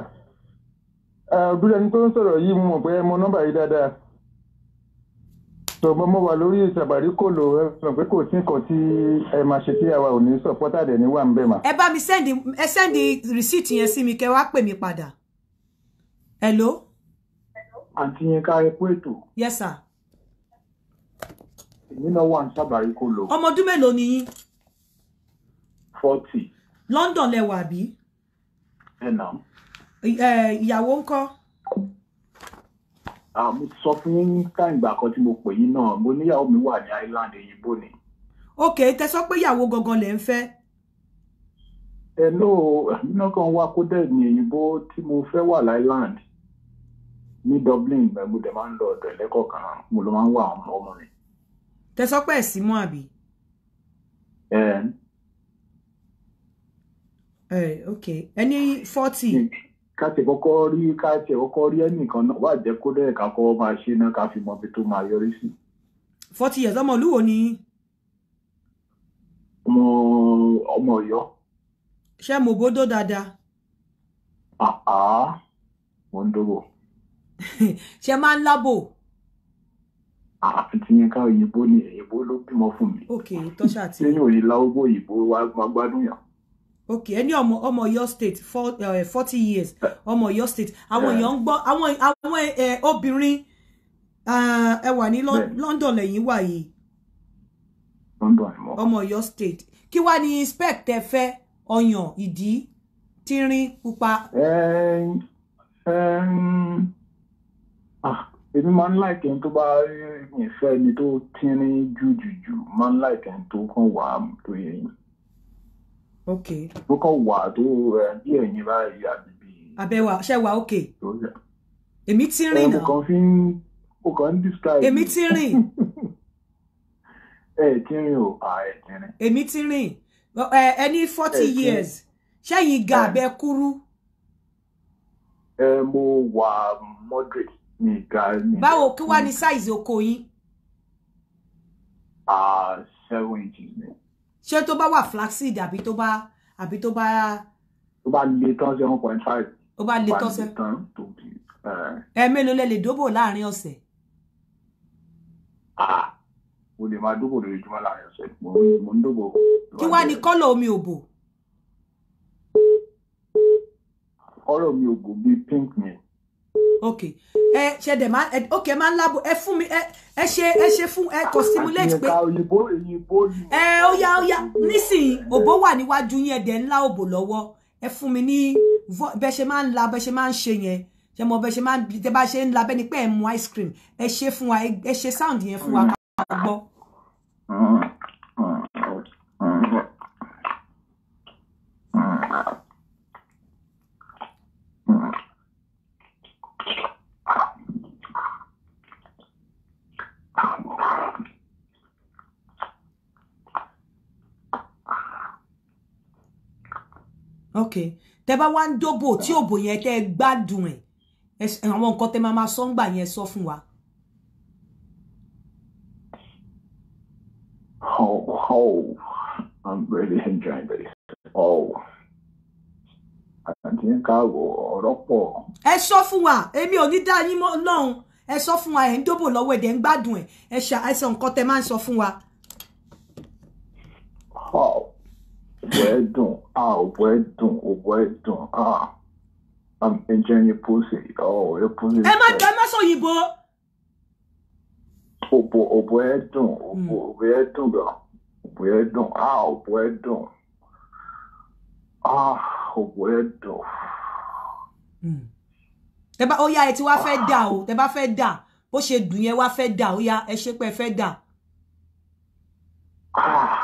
ọ̀dúnlẹ̀ ní tó ń sọ̀rọ̀ yìí mo mọ̀ pé ẹ nọ́mbà yìí dáadáa tọmọ mọ wà lórí ìṣàbàríkòlò ẹ sọ pé kò sí nǹkan tí ẹ máa ṣe tí àwa ò ní sọpọ́tà dẹ̀ ní wà ń bẹ̀ mà. ẹ bá mi sẹ́ndì ẹ sẹ́ndì rìsíìtì yẹn sí mi kẹ́ wá pè mí padà. hello. àǹtí yẹn ká ẹ kú ètò. yes sir. èmi náà wà ní ṣàbàríkòlò. ọmọ ọdún mélòó ni yín. forty. London lẹ wà bí. ẹ nà. ìyàwó ńkọ́. Ah, mo sọ fún káìgbà kan tí mo pè yín náà mo níyàwó mi wà ní Ireland òyìnbó ni. ok tẹ sọ pé ìyàwó gangan lẹ ń fẹ́. ẹ ló iná kan wá kó dẹ̀ ní òyìnbó tí mo fẹ́ wà ní Ireland ní Dublin mo dẹ̀ máa ń lọ ọ̀dọ̀ ẹ̀lẹ́kọ̀ọ́ kan mo lọ máa ń wà àwọn ọmọ mi. tẹ sọ pé ẹ̀ sí àbí. ẹ ok ẹni forty ká ti kọ́kọ́ rí ká ti kọ́kọ́ rí ẹnìkan náà wà jẹ́ kó dẹ́rẹ̀ ká kọ́kọ́ máa ṣe náà ká fi mọ ibi tó máa yọrí sí. forty years ọmọ olúwo ni. ọmọ ọmọ Ọ̀yọ́. ṣé mo bódó dáadáa. àá mo ń dóbò. ṣé máa ń lábò. àti yẹn ká òyìnbó ni òyìnbó ló bímọ fún mi. ok tọ́ṣà ti. nínú ìlà ogbó òyìnbó wa gbádùn yàn okay ẹni ọmọ ọmọ Ọ̀yọ́ state eh, forty years ọmọ Ọ̀yọ́ state àwọn èèyàn ń gbọ́ àwọn àwọn eh, obìnrin eh, ẹ wà ní London lẹ́yìn wà yìí ọmọ Ọ̀yọ́ state kí wàá ní spec tẹ fẹ́ ọyàn ìdí tínrín pupa. Ah, èmi máa ń láìkẹ́ tó bá yẹn fẹ́ ẹni tó tínrín jù jù jù máa ń láìkẹ́ tó kàn wà tó yẹ yìí okay. tó kàn wà tó bí ẹ̀yin báyìí àbíbí. àbẹ̀wà ṣe wà okay. èmi ti rìn náà. mo kàn fi ń mo kàn ń describe. èmi ti rìn. ẹ ti rìn o à ẹ ti rìn. èmi ti rìn ẹ ní forty years ṣẹ́yìn ga abẹ́ kúrú. ẹ mo wà moderate ní ìga ní. báwo kí wàá ní size oko yín. ah seven inches ni ṣé tó bá wà flaxseed àbí tó bá àbí tó bá. tó bá le tán seven point five. tó bá le tán seven. ẹ mélòó lẹ lè dóbò láàrin ọ̀sẹ̀. o lè máa dóbò lójoojúmọ́ láàrin ọ̀sẹ̀ mo ń dóbò. kí wàá ní kọ́lọ̀ omi òbò. kọ́lọ̀ omi òbò bíi pink ni ok ẹ ṣe dẹ̀ máa ok ẹ máa ń lábọ̀ ẹ fún mi ẹ ẹ ṣe ẹ ṣe fún ẹ kò simulate pé ẹ ó yá ó yá nísìnyí òbó wà níwájú yín ẹ̀dẹ̀ ńlá òbò lọ́wọ́ ẹ fún mi ní bẹ́ ṣe máa ń la bẹ́ ṣe máa ń ṣe yẹn ṣe mo bẹ́ ṣe máa ń tẹ́ bá ṣe ń la bẹ́ ni pé ẹ mu ice cream ẹ ṣe fún wa ẹ ṣe sound yẹn fún wa ká gbọ́. okay tẹ́ bá wá ń dóbò tí òbò yẹn tẹ́ gbádùn ẹ̀ àwọn nǹkan tẹ́ máa máa sọ ń gbà yẹn sọ fún wa. Oh, oh, I'm really enjoying this. Oh, àti ń káàbọ̀ ọ̀rọ̀ pọ̀. Ẹ sọ fún wa, èmi ò ní dá yín mọ́ lọ́hùn. Ẹ sọ fún wa, ẹ̀ ń dóbò lọ́wọ́ ẹ̀dẹ̀ ń gbádùn ẹ̀. Ẹ ṣà ẹ nǹkan tẹ́ máa ń sọ fún wa. Oh, òwò ẹ dùn a òwò ẹ dùn òwò ẹ dùn a ẹjẹ ni pósì ọ ẹ pósì. ẹ má ẹ má sọ òyìnbó. òbò òbò ẹ dùn òbò òbò ẹ dùn gan òbò ẹ dùn a òbò ẹ dùn a òbò ẹ dùn. tẹ bá ó yá ẹ tí wàá fẹ́ dà o tẹ bá fẹ́ dà bó ṣe dùn yẹn wàá fẹ́ dà ó yá ẹ ṣe pé ẹ fẹ́ dà. ah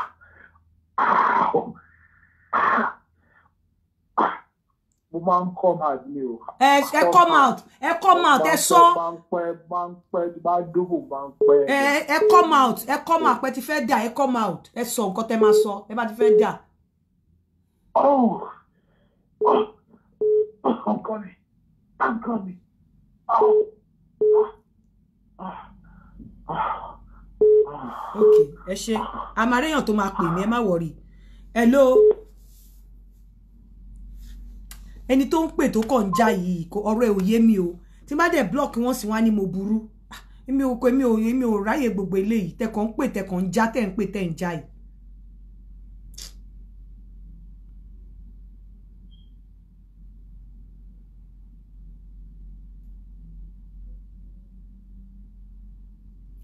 mo máa ń come out mi o. ẹ come out ẹ come out ẹ sọ. máa ń pẹ́ máa ń pẹ́ máa ń máa ń pẹ́. ẹ ẹ come out ẹ come out pẹ́ ti fẹ́ dà ẹ come out ẹ sọ nǹkan tẹ́ máa sọ ẹ bá ti fẹ́ dà. Oh, oh, oh i'm coming i'm coming oh. oh ok ẹ ṣe àmàrẹ́yàn tó máa pè mí ẹ má wọrí hello ẹni tó ń pè tó kàn ń já yìí ọ̀rọ̀ ẹ̀ ò yé mi o tí bá dẹ̀ block wọn sì wá ní mo burú ah, èmi ò kọ èmi ò èmi ò ráyè gbogbo eléyìí tẹkọ̀ ń pè tẹkọ̀ ń já tẹ̀ ń pè tẹ̀ ń já yìí.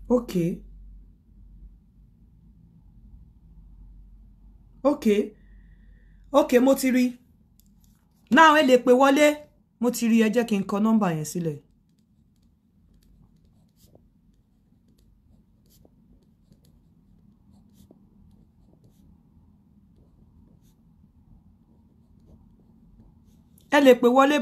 okay okay okay mo ti rí i now ẹ lè pè wọlé mo ti rí ẹ jẹ́ kí n kọ nọ́mbà yẹn sílẹ̀. ẹ lè pè wọlé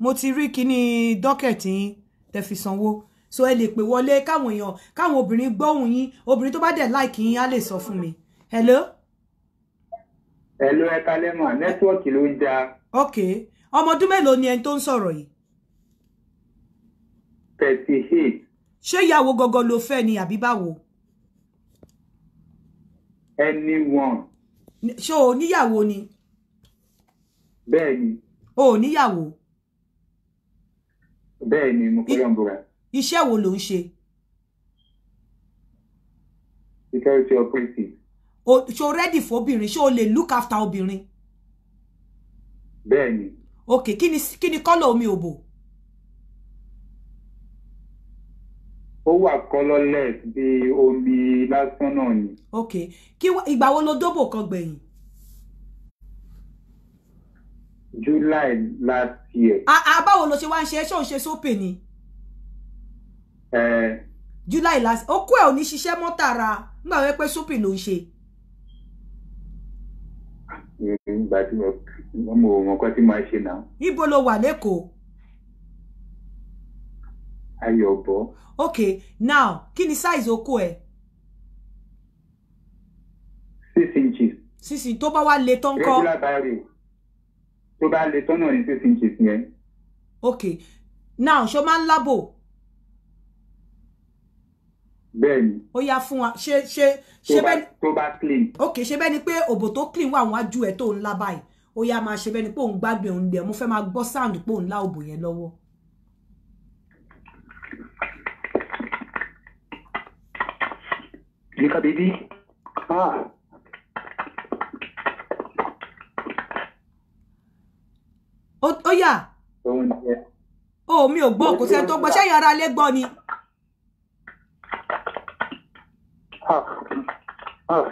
mo ti rí kíní dọ́kẹ̀tì yín tẹ́ fi sanwó so ẹ lè pè wọlé káwọn èèyàn káwọn obìnrin gbóhùn yín obìnrin tó bá dẹ̀ láìkì yín á lè sọ fún mi. hello. hello ẹ kalẹ́ mọ̀ nẹ́tíwọ́ọ̀kì ló ń da okay ọmọ ọdún mélòó ni ẹni tó ń sọ̀rọ̀ yìí. thirty eight. ṣé ìyàwó gọgọ ló fẹ́ ni àbí báwo. anyone. ṣé o níyàwó ni. bẹ́ẹ̀ ni. o ò níyàwó. bẹ́ẹ̀ ni mo fẹ́ yọ̀ǹbùrà. iṣẹ́ wo ló ń ṣe. security operative. o ṣo ready fún obìnrin ṣé o lè look after obìnrin bẹ́ẹ̀ ni. ok kí ni kí ni kọ́lọ̀ omi òbò. ó wà colourless bíi omi lásán náà ni. ok kí ìgbà wo lo dóbò kan gbẹ̀yìn. July last year. a báwo lo ṣe wá ń ṣe ṣé ò ń ṣe sópè ni. July last ó kó ẹ ò ní ṣiṣẹ́ mọ́ tààrà nígbà wípé sópè ló ń ṣe. ìgbà tí mo wọn mọ òun ọkọ tí màá ṣe náà. ibo lo wà lẹ́kọ̀ọ́. ayọ̀ bọ̀. ok now kí ni size oko ẹ̀. six inches. six inches tó bá wá le tán kọ́. regular barrel tó bá le tán náà ni six inches yẹn. ok now ṣo máa ń lábò. bẹ́ẹ̀ni. ó yá fún wa ṣe ṣe tó bá clean. ok ṣe bẹ́ẹ̀ ni pé òbò tó clean wà wájú ẹ̀ tó ń lá báyìí ó yá máa ṣe bẹ́ẹ̀ ni pé òun gbádùn òun dẹ̀ mo fẹ́ máa gbọ́ sound o. òun lá òbò yẹn lọ́wọ́. Nika baby. Ah. Ó yá. Ó mi ò gbọ́ kò sẹ́ni tó gbọ́ sẹ́yìn ara lé gbọ́ ni. Ah. Ah.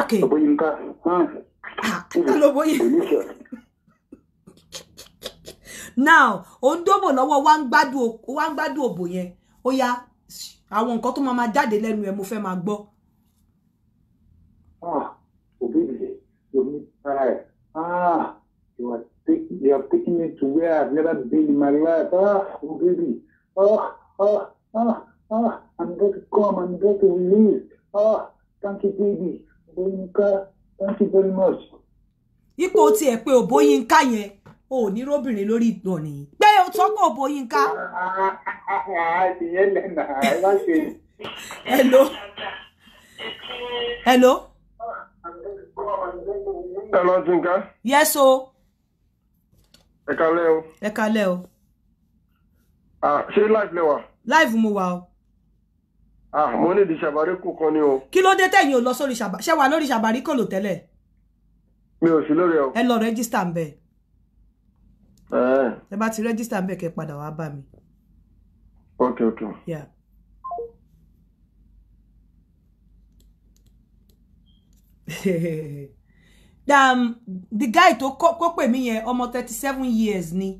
Okay now ó ń dóbò lọ́wọ́ wá ń gbádùn òbò yẹn ó yá àwọn nǹkan tó máa máa jáde lẹ́nu ẹ̀ mo fẹ́ máa gbọ́. Ah, òbí rẹ̀ omi para ẹ̀ ah, you are taking you are taking me to where I have never been in my life ah oh baby ah ah ah ah I'm going to come I'm going to release ah thank you baby Boyinka thank you very much. ipò tí ẹ pé yẹn ò ní róbìnrin lórí ìgbọ̀nì pé o tọ́kọ̀ òbóyínká. ìyẹn lẹ́nà ẹ hello. hello. hello yes o. o. o. Ah, ṣé live live mo wà o. ah mo ní di ṣàbáríkù kan ni o. kí ló dé tẹ̀yin ò lọ sórí ṣàbá ṣé wà lórí ṣàbáríkù lò tẹ́lẹ̀. mi ò sí lórí o. ẹ lọ rẹ́gísítà ń bẹ̀. Eh. ẹ bá ti rẹ́gísítà ń bẹ̀ kẹ́ padà wá bá mi. ok ok. Yeah. um, the guy tó kó pè mí yẹn ọmọ thirty seven years ni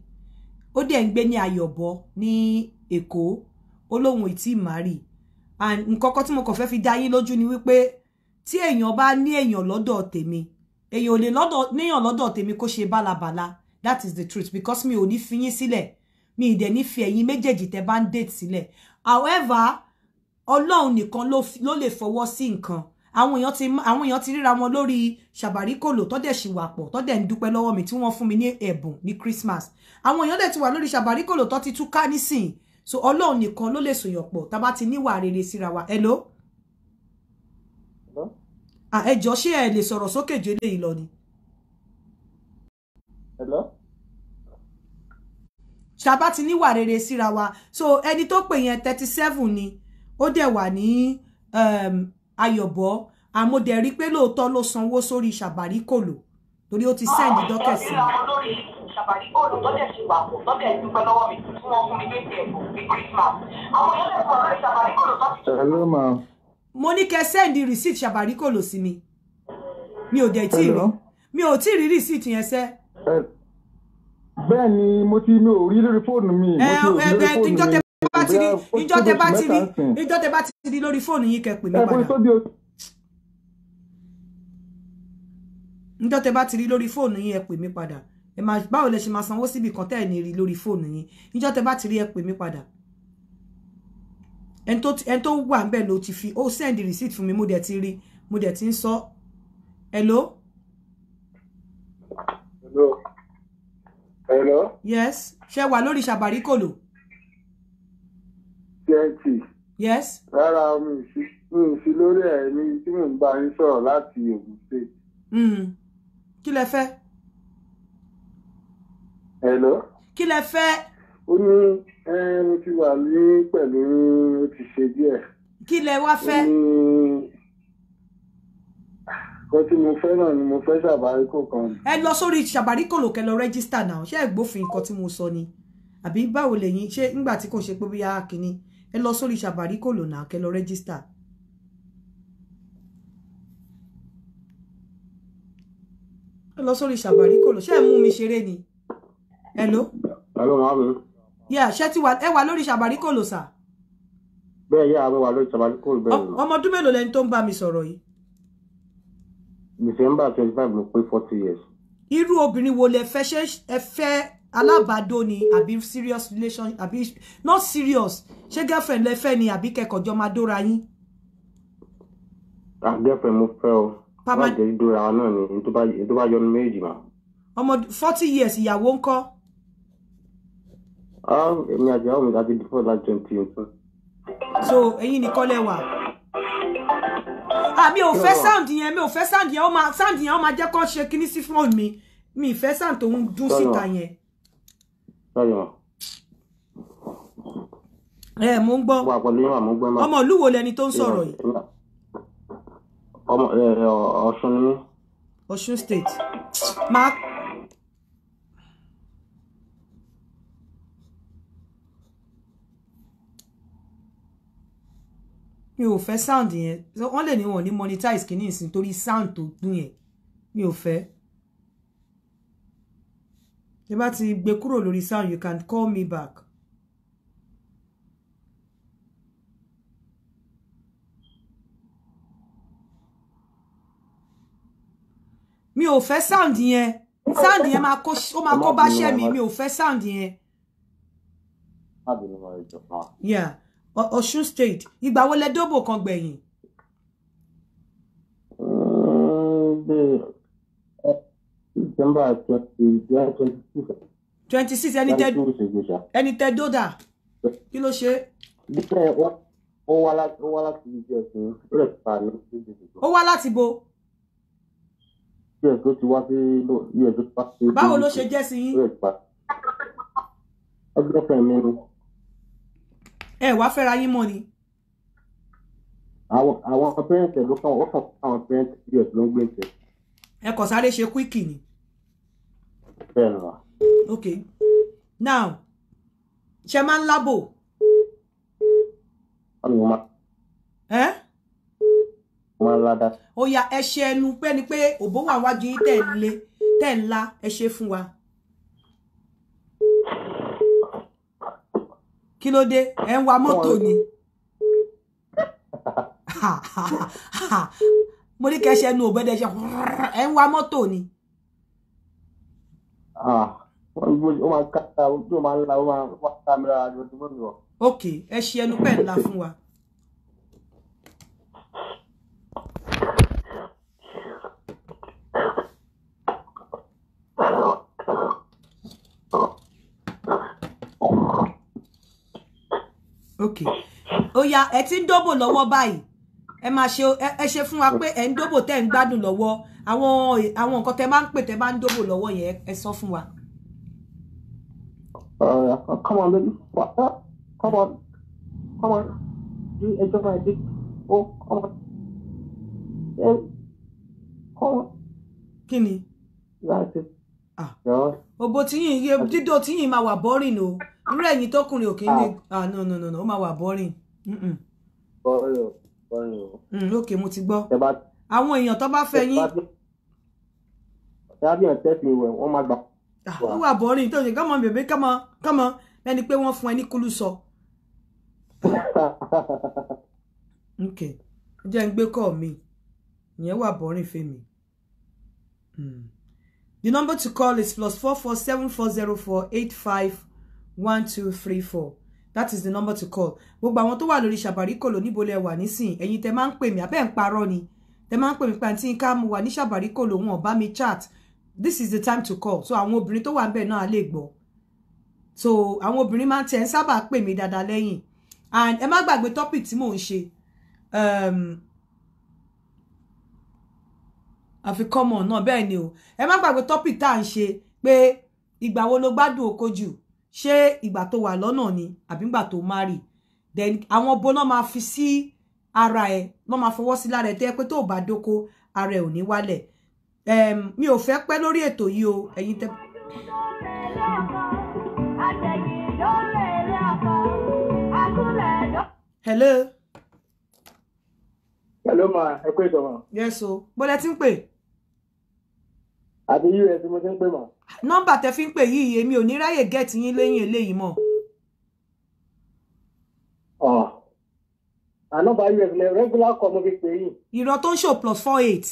ó dẹ̀ ń gbé ní Ayọ̀bọ ní Èkó ó lóun ò tí ì má rí i and nǹkan kan tí mo kàn fẹ́ fi dá yín lójú ni wípé tí èèyàn bá ní èèyàn lọ́dọ̀ tèmi èèyàn ò lè níyàn lọ́dọ̀ tèmi kó ṣe bálabàla that is the truth because mi ò ní fi yín sílẹ̀ mi ì dẹ̀ ní fi ẹ̀yin méjèèjì tẹ́ bá ń date sílẹ̀ however ọlọ́run nìkan ló lè fọwọ́ sí nǹkan àwọn èèyàn ti àwọn èèyàn ti ríra wọn lórí ṣàbàríkòlò tọ́dẹ̀ ṣì wà pọ̀ tọ́dẹ̀ ń dúpẹ́ lọ́wọ́ mi tí wọ́n fún mi ní ẹ̀bùn ní Christmas àwọn èèyàn dẹ̀ ti wà lórí ṣàbàríkòlò tó ti túká nísìn so ọlọ́run nìkan ló lè sòyàn pọ̀ bá ti níwà rere síra wa hello. ẹ jọ ṣé ẹ lè sọ̀rọ̀ sókè ju eléyìí lọ ni. hello ṣàbá ti níwà rere síra wa so ẹni tó pè yẹn thirty seven ni ó dẹ̀ wà ní ehm, ayọ̀bọ àmọ́dẹ̀ rí pé lóòótọ́ ló sanwó sórí ṣàbárí kòlò torí ó ti send ah, dọ́kẹ̀ sí i ṣàbàrí òòlù tọ́tẹ̀ ṣe wà fún tọ́tẹ̀ dúpẹ́ lọ́wọ́ mi tí wọ́n fún mi ní ẹ̀bùn ní Christmas àwọn yẹn lè fún ọ̀rẹ́ ṣàbàrí òòlù tọ́tẹ̀. mo ní kẹ́ sẹ́ndì receipt ṣàbàrí kò lò sí mi mi ò dẹ̀ tí ì rí mi ò tí ì rí receipt yẹn sẹ́. bẹ́ẹ̀ ni mo ti mi ò rí lórí fóònù mi mo ti ò rí lórí fóònù mi ìjọ tẹ bá ti rí lórí fóònù yín ẹ pè mí padà ẹ máa báwo lẹ ṣe máa sanwó síbi kan tẹ́ ẹ̀ ní rí lórí fóònù yín níjọ́ tẹ́ bá ti rí ẹ pè mí padà ẹni tó wà ń bẹ̀ ló ti fi ó send receipt fún mi mo dẹ̀ ti rí mo dẹ̀ ti ń hello. hello. hello. yes ṣe wà lórí ṣàbàríkòlò. twenty. yes. rárá mi ò sí lórí ẹ̀ ní tí mò ń bá yín sọ̀rọ̀ láti Ògùn state. Hmm. kí lẹ fẹ́ hello. kí lẹ fẹ́. ó ní mo ti wà ní pẹ̀lú ó ti ṣe díẹ̀. kí lẹ wá fẹ́. ó ní kan tí mo fẹ́ náà ni mo fẹ́ ṣàbáríkò kan. ẹ lọ sórí ṣàbáríkò lòkè lọ rẹ́gísítà náà ṣé ẹ gbófin nǹkan tí mo sọ ni àbí báwo lẹ́yìn ṣé nígbà tí kò ṣe pé bóyá kínní ẹ lọ sórí ṣàbáríkò lònà kẹ́ lọ rẹ́gísítà. ẹ lọ sórí ṣàbáríkò lò ṣé ẹ mú mi ṣeré ni hello. hello maami. yeah ṣé ti wà ẹ wà lórí ṣàbàríkòlò sà. bẹ́ẹ̀ yá àwọn wà lórí ṣàbàríkòlò bẹ́ẹ̀ ni. ọmọ ọdún mélòó lẹni tó ń bá mi sọ̀rọ̀ yìí. december twenty five ló pé forty years. irú obìnrin wo lẹ fẹ́ ṣe ẹ fẹ́ alábàádó ni àbí serious relation àbí not serious ṣé girlfriend lẹ fẹ́ ni àbí kẹkọọ jọ máa dóra yín. a ah, girlfriend mo fẹ́ o. pàmò má jẹ́ dóra náà ni n tó bá yọnu méjì mà. ọmọ forty years ìyàwó ń kọ́. Ah, èmi àjọyọ̀ mi láti before láti twenty nǹkan. so ẹ̀yin ni lẹ wà àmì ah, ò fẹ́ sound yẹn mi ò fẹ́ sound yẹn ó máa sound yẹn ó máa jẹ́ kó ṣe kíní sí fún mi mi ì fẹ́ sound tó ń dún síta yẹn. ẹ mo ń gbọ́ ọmọ olúwo lẹni tó ń sọ̀rọ̀ yìí. ọmọ Ọ̀ṣun ni mí. Ọ̀ṣun state máa mi ò fẹ́ sound yẹn so wọ́n lè ní wọn ò monetize kìíní ìsìn torí sound tó dùn yẹn mi ò fẹ́ tí bá ti gbé kúrò lórí sound you can call me back. mi ò fẹ́ sound yẹn sound yẹn Ma ko. ó ma ko bá ṣẹ́ mi mi ò fẹ́ sound yẹn. Yeah. Ọ̀ṣun state ìgbà wo lẹ dóbò kan gbẹ̀yìn. December twenty twenty six. twenty six ẹni tẹ ẹni tẹ o kí ló o ó wá láti ó wá o ibi ẹ̀sìn ó lè pa ní ibi ìdìbò. ó wá láti bo. us ló ti wá sí us ló ti wá sí. báwo ló ṣe jẹ́ o yín. ẹgbẹ́ fẹ̀mí ẹ wá fẹ́ra yín mọ́ ni. àwọn àwọn pẹ́rẹ́ǹtì ló kàn wọ́n kàn fún àwọn pẹ́rẹ́ǹtì bí ọ̀sán ló ń gbé ìfẹ́. ẹ kàn sáré ṣe kúìkì ni. bẹ́ẹ̀ ni ok now ṣe máa ń lábò. ọ̀nà ìwọ̀n máa. ẹ́ máa ń ládá. ó yá ẹ ṣe ẹnu pé ni pé òbó wà wájú yín tẹ̀ ń lé tẹ̀ ń la ẹ ṣe fún wa. kí ló dé ẹ ń wa mọ́tò ni mo ní kẹsẹ ẹnu ògbẹ́dẹ ṣe ẹ ń wa mọ́tò ni. Ah, ó máa ń ká ok ẹ ṣe ẹnu pẹ́ẹ́ ńlá fún wa. ok ó oh. yá ẹ ti ń dóbò lọ́wọ́ báyìí ẹ máa ṣe ẹ ṣe fún wa pé ẹ ń dóbò tẹ́ ń gbádùn lọ́wọ́ àwọn àwọn nǹkan tẹ́ máa ń pè tẹ́ máa ń dóbò lọ́wọ́ yẹn ẹ sọ fún wa. come on lady come on come on do ẹjọ́ máa dé o come on come on. kí ni. láti. ah obo tí yìnyín dídò tí yìnyín máa wà bọ́rìn o. No irú ẹ̀yin tọkùnrin òkè ní ah. ah no no no no ó máa Boring, boring. bọ́rìn o bọ́rìn o. Mm, ok mo ti gbọ́ àwọn èèyàn tó bá fẹ́ yín. tàbí ọ̀tẹ́ fi wẹ̀ wọ́n máa gbà. Ah, ó wà bọ́rìn come on, kọ́mọ bèbè kọ́mọ kọ́mọ ẹni pé wọ́n fún ẹ ní kúlù sọ. ok jẹ́ ń gbé kọ́ mi ìyẹn wà bọ́rìn fèmí. Hmm. The number to call is plus four four seven four zero four eight five one two three four that is the number to call gbogbo àwọn tó wà lórí ṣàbàríkòlò níbo lẹ wà nísìn ẹ̀yin tẹ máa ń pè mí abẹ́ ń parọ́ ni tẹ máa ń pè mí pàǹtí ká mo wà ní ṣàbàríkòlò wọn bá mi chat this is the time to call so àwọn obìnrin tó wà ń bẹ̀ náà lè gbọ́ so àwọn obìnrin máa ń tẹ̀ ń sábà pè mí dáadáa lẹ́yìn and ẹ má gbàgbé topic tí mò ń ṣe àfi um, kọ́mọ̀ náà bẹ́ẹ̀ ni o ẹ má gbàgbé topic tá à ń ṣe pé ìgbà wo ló gbádùn oko jù ṣé ìgbà tó wà lọ́nà ni àbí ìgbà tó marry then àwọn bo náà máa fi sí ara ẹ náà máa fọwọ́ sí lára ẹ tó yẹ pé tó bá dóko ara ẹ ò ní wálẹ̀ mi ò fẹ́ pẹ́ lórí ètò yìí o ẹ̀yin tẹ́. hello. hello ma ẹ kú ètò ma. yes o bọ́lẹ̀ tí ń pè. àti us mo ti ń pè mọ́ nọ́mbà tẹ fi ń pè yìí èmi ò ní ráyè gẹ̀ẹ́tì yín lẹ́yìn eléyìí mọ́. ànọ́bà us lè regular call mo fi pè yìí. ìrọ̀ tó ń ṣò plus four eight.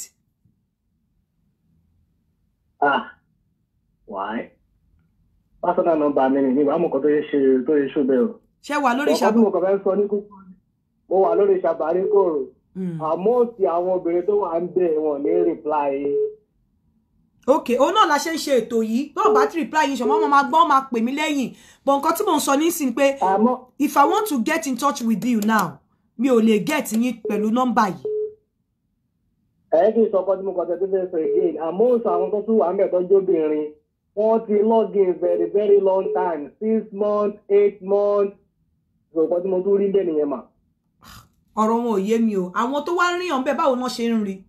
ah wàá personal number mi ni ìwà àmọ̀kọ́ tó yẹ ṣe tó yẹ ṣùgbẹ́ o. ṣé wà lórí ṣàbárí. ọkọ tí mo kàn fẹ́ sọ ní kúkú mo wà lórí ṣàbárí kòrò hmm. àmọ́ ti àwọn obìnrin tó wà ń bẹ̀ wọ́n ní reply ok òun náà la ṣe ń ṣe ètò yìí tó bá ti reply yìí ṣọmọ máa gbọ́n máa pè mí lẹ́yìn but nǹkan tí mò ń sọ nísìn pé if i want to get in touch with you now mi ò lè get yín pẹ̀lú nọ́mbà yìí. ẹ kì í sọ ọkọ tí mo kọ tẹ tó fẹẹ sọ again àmọ́ oṣù àwọn tó tún wà ń bẹ tọjú obìnrin wọ́n ti log in very very long time six months eight months sọ ọkọ tí mo tún rí bẹ́ẹ̀ nìyẹn mà. Ah, ọ̀rọ̀ wọn ò yé mi o àwọn tó wá rí ọ̀nbẹ báwo wọ́n ṣe ń rí i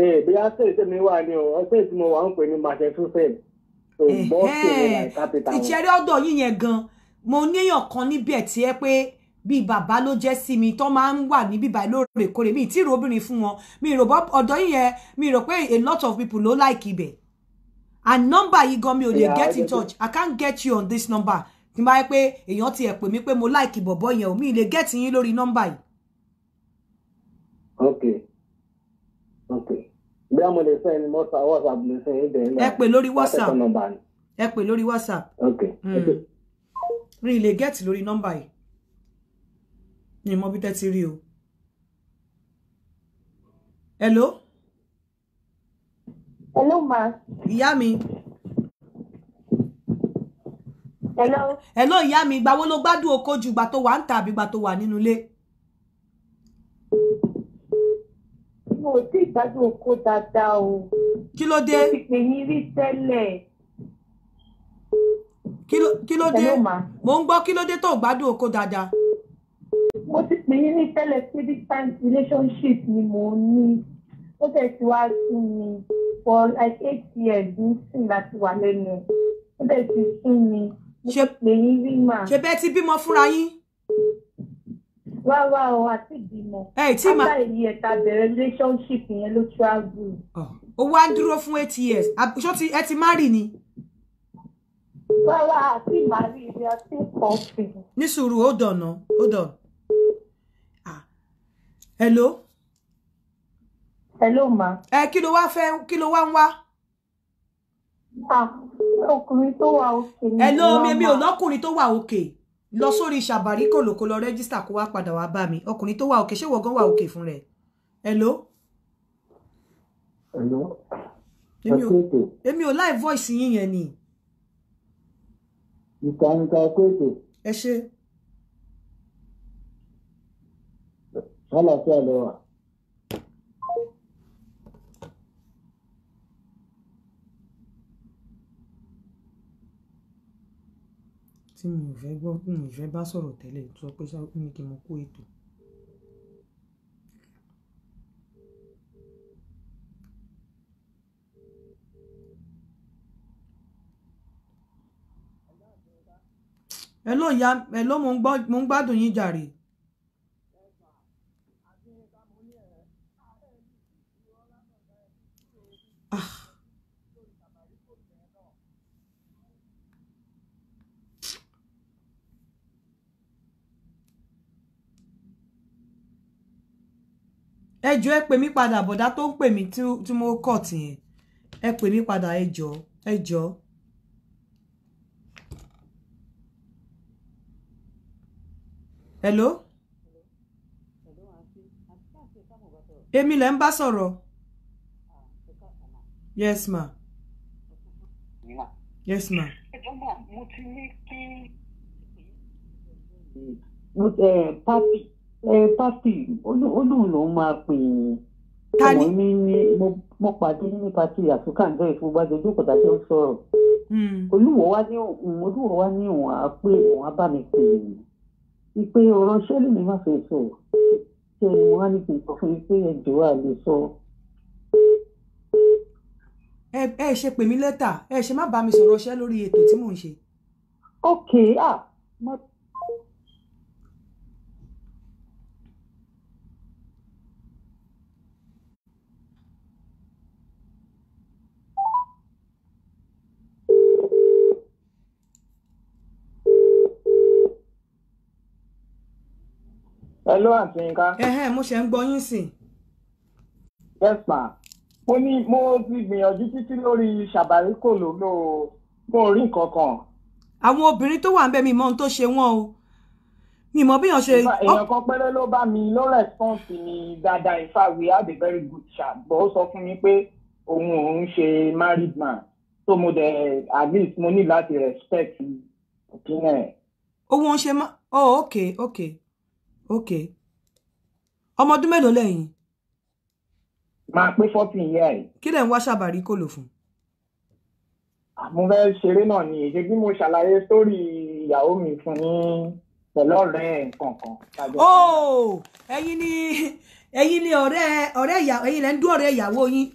ee bí a ṣe ìṣẹ́mi wà ní o ẹgbẹ́ tí mo wà ń pè ní massachusetts tó bọ́ sí ìlànà capital. ìṣẹ́rẹ́ ọ̀dọ̀ yín yẹn gan-an mo níyàn kan níbẹ̀ tí ẹ pé bíi bàbá ló jẹ́ sí mi tó máa ń wà ní bíbá lóòrèkóòrè mi tí ìròbìnrin fún wọn mi rò bọ́ ọ̀dọ̀ yín yẹn mi rò pé a lot of people ló like ibẹ̀ and number yìí gan mi ò lè get in touch I can't get you on this number tí n bá yẹ pé èèyàn ti ẹ̀ pè mí pé mo like bọ̀bọ̀ yẹn o mi lè get yín lórí number yìí. okay okay bí àwọn lè fẹ́ ni whatsapp lè fẹ́ yín pè lórí whatsapp ẹ pè lórí whatsapp rí ilé gẹ́ẹ̀tì lórí nọ́mbà yìí ni mo bí tẹ́ rí o hello. hello ma. ìyá mi. hello. hello ìyá mi ìgbà wo ló gbádùn okó ju ìgbà tó wà ń ta àbí ìgbà tó wà nínú ilé. mo ò tí ì gbádùn oko dáadáa o. kí ló dé. mo ti pè yín rí tẹ́lẹ̀. kí ló dé mo ń gbọ́ kí ló dé tó gbádùn oko dáadáa. mo ti pè yín ní tẹ́lẹ̀ civic times relationship ni mo ní ó tẹ̀ sí wá sí mi for like eight years ní sìn láti wà lẹ́nu ó tẹ̀ sí sí mi mo ti pè yín rí mà. ṣe bẹ́ẹ̀ ti bímọ fúnra yín rárá o àti ìgbìmọ̀ after a year ta bẹ̀rẹ̀ relationship yẹn ló travel. ó wá dúró fún eight years ṣó ti ẹ ti marry ni. rárá àti marry ni a ti kọ́ sí. ní sùúrù ó dọ̀nà ó dọ̀nà. hello. hello ma. ẹ kí ló wá fẹ́ kí ló wá ń wá. Ah, ọkùnrin tó wà òkè ni. hello mi mi ò lọ́kùnrin tó wà òkè. Okay lọ sórí ṣàbàrí kòlòkò lọ rẹ́gísítà kó wá padà wá bá mi ọkùnrin tó wà òkè ṣé wọ́n wà òkè fún rẹ̀ hello. hello. èmi ò láì voice yín yẹn ni. ìkànnìkà kó ètò. ẹ ṣe. wọ́n lọ sí tí mi ò fẹ́ gbọ́, mi ò fẹ́ bá sọ̀rọ̀ tẹ́lẹ̀ tó sọ pé ṣá ní kí mo kó ètò. Hello ìyá, hello mo ń gbọ́, mo ń gbádùn yín jàre. ẹjọ́ ẹ pè mí padà bọ̀dá tó ń pè mí tí mo kọ̀ tìyẹn ẹ pè mí padà ẹjọ́ ẹjọ́. hello èmi lẹ ń bá sọ̀rọ̀ yes ma yes ma. mo ti ní kí. Eh, pati pati olóhùn ló máa pè é ọmọ mi ní mo pàdé ní pati àtúkàǹdọ ìfowópamọ́ ojúkọ̀tà tó ń sọ̀rọ̀ hmm. olúwo wá ní òun olúwo wá ní òun á pé òun á bá mi pè é ìpè ọ̀rọ̀ ṣẹ́lì mi má fẹ́ sọ ṣe ni wọ́n á ní kí n sọ fún yín pé ẹ̀jọ̀ wà lè sọ. ẹ ẹ ṣe pè mí lẹ́tà ẹ ṣe má bá mi sọ̀rọ̀ ṣẹ́ lórí ètò tí mò ń ṣe. ok ah hello àǹtí Yinka. mo ṣe ń gbọ́ yín sìn. yes ma mo ní mo ti gbìyànjú títí lórí ṣàbárí kò lòlò mo rí nǹkan kan. àwọn obìnrin tó wà ń bẹ mi mọ ohun tó ṣe wọn o mi mọ bí ṣe. èèyàn kan péré ló bá mi ló rẹ̀spọ́ǹsì mi dáadáa in we had a very good chat ó sọ fún mi pé òun òun ṣe married man so mo dẹ̀ at least mo ní láti respect opinion. owó ń ṣe má oh okay, okay. Ok, ọmọ ọdún mélòó lẹ́yìn. máa pé fourteen years. kí lẹ̀ ń wá ṣàbàrí kò lò fún. mo fẹ́ ṣeré náà ni èyí bí mo ṣàlàyé sórí ìyàwó mi fún ní pẹ̀lú ọ̀rẹ́ kankan. ooo ẹ̀yin ni ẹ̀yin ni ọ̀rẹ́ ọ̀rẹ́ ìyàwó ẹ̀yin lẹ ń dún ọ̀rẹ́ ìyàwó yín.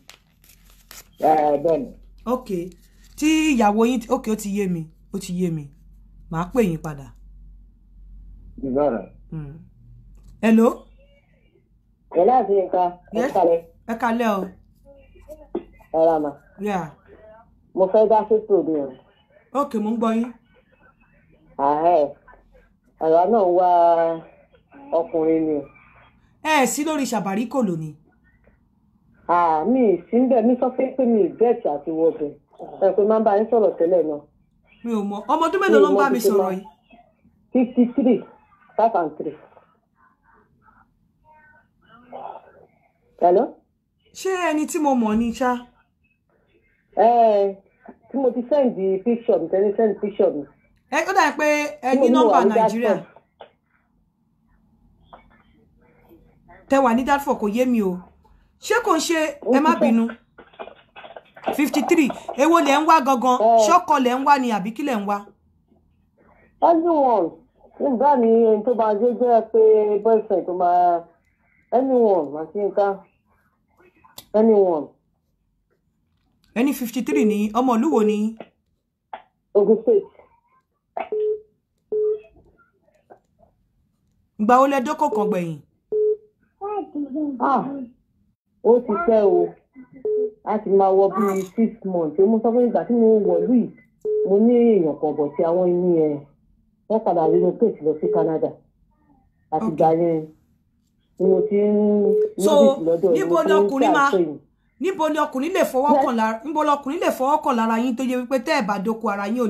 bẹ́ẹ̀ ni. ok tí ìyàwó yín ok ó ti yé mi ó ti yé mi màá pè yín padà. ìbára. Mm hello. yẹlẹ àti nǹkan ẹ kalẹ. ẹ kalẹ o. ẹ ra ma. mo fẹ́ dá sí tòde o. ok mo ń gbọ́ yín. àwa náà wá ọkùnrin ni. ẹ ẹ sí lórí ṣàbárí kò lónìí. mi ì sí ń bẹ̀ mi sọ pé pé mi ì bẹ́ẹ̀tì àti wọ́ọ̀bẹ̀ ẹ pé máa ń bá yín sọ̀rọ̀ tẹ́lẹ̀ náà. mi ò mọ ọmọ ọdún mélòó ló ń bá mi sọ̀rọ̀ yìí. fifty three five and three. hello. ṣé ẹni tí mo mọ̀ ni ṣá. ẹ ẹ tí mo ti sẹ́ǹdì píṣọ̀ mi tẹ́lẹ̀ sẹ́ǹdì píṣọ̀ mi. ẹ ó dàbí pé ẹ ní nọ́mbà nàìjíríà tẹ wà ní dátfọ̀ kò yé mi o ṣé kò ń ṣe ẹ má bínú fifty three èwo lẹ ń wá gangan ṣọ́kọ lẹ ń wá ni àbí kí lẹ ń wá. everyone nígbà ní tó bá jẹ́ jẹ́ pé boyfriend tó máa. anyone maka nke ahụ anyone. ẹni fifty three ni ọmọlúwo ni. Ogun State. ìgbà wo lẹ dọ́kọ̀ kan gbẹ̀yìn. Ah, ó ti pẹ́ o láti máa wọ bíi six months ó mú sọ pé ìgbà tí mo yìí mo ní èèyàn kan bọ̀ tí àwọn inú ẹ̀ wọ́n padà lọ sí Canada àti gbà so níbo ni ọkùnrin máa níbo ni ọkùnrin lè fọwọ́ kàn lára níbo ni ọkùnrin lè fọwọ́ kàn lára yín tó yẹ wípé ara yín ò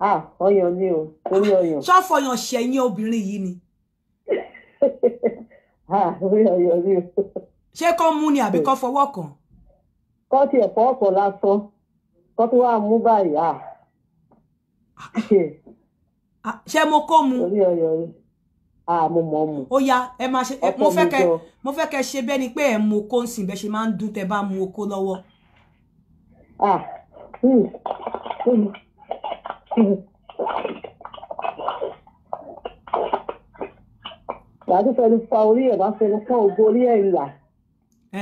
ah ọyàn ni o orí ọyàn. sọ́fọyàn ṣẹ̀yìn obìnrin yìí ni. ah orí ọyàn ni o. ṣé kọ́ mú ni àbí kọ́ fọwọ́ kàn. kọ́ tiẹ̀ fọwọ́ kàn lásán kọ́ tó wàá mú báyìí ah, ah. ṣé mo kó mu. orí ọyàn ni. mo mọ̀ mu. ó yá ẹ máa ṣe mo fẹ́ kẹ mo fẹ́ kẹ ṣe bẹ́ẹ̀ ni pé ẹ̀ mú oko ń sìn bẹ́ẹ̀ ṣe máa ń dún tẹ bá mú oko lọ́wọ́. Hmm, hmm, hmm. Bàbá fẹ́ni fa orí ẹ̀ bá fẹ́ni fọ́ ògo orí ẹ̀ ńlá.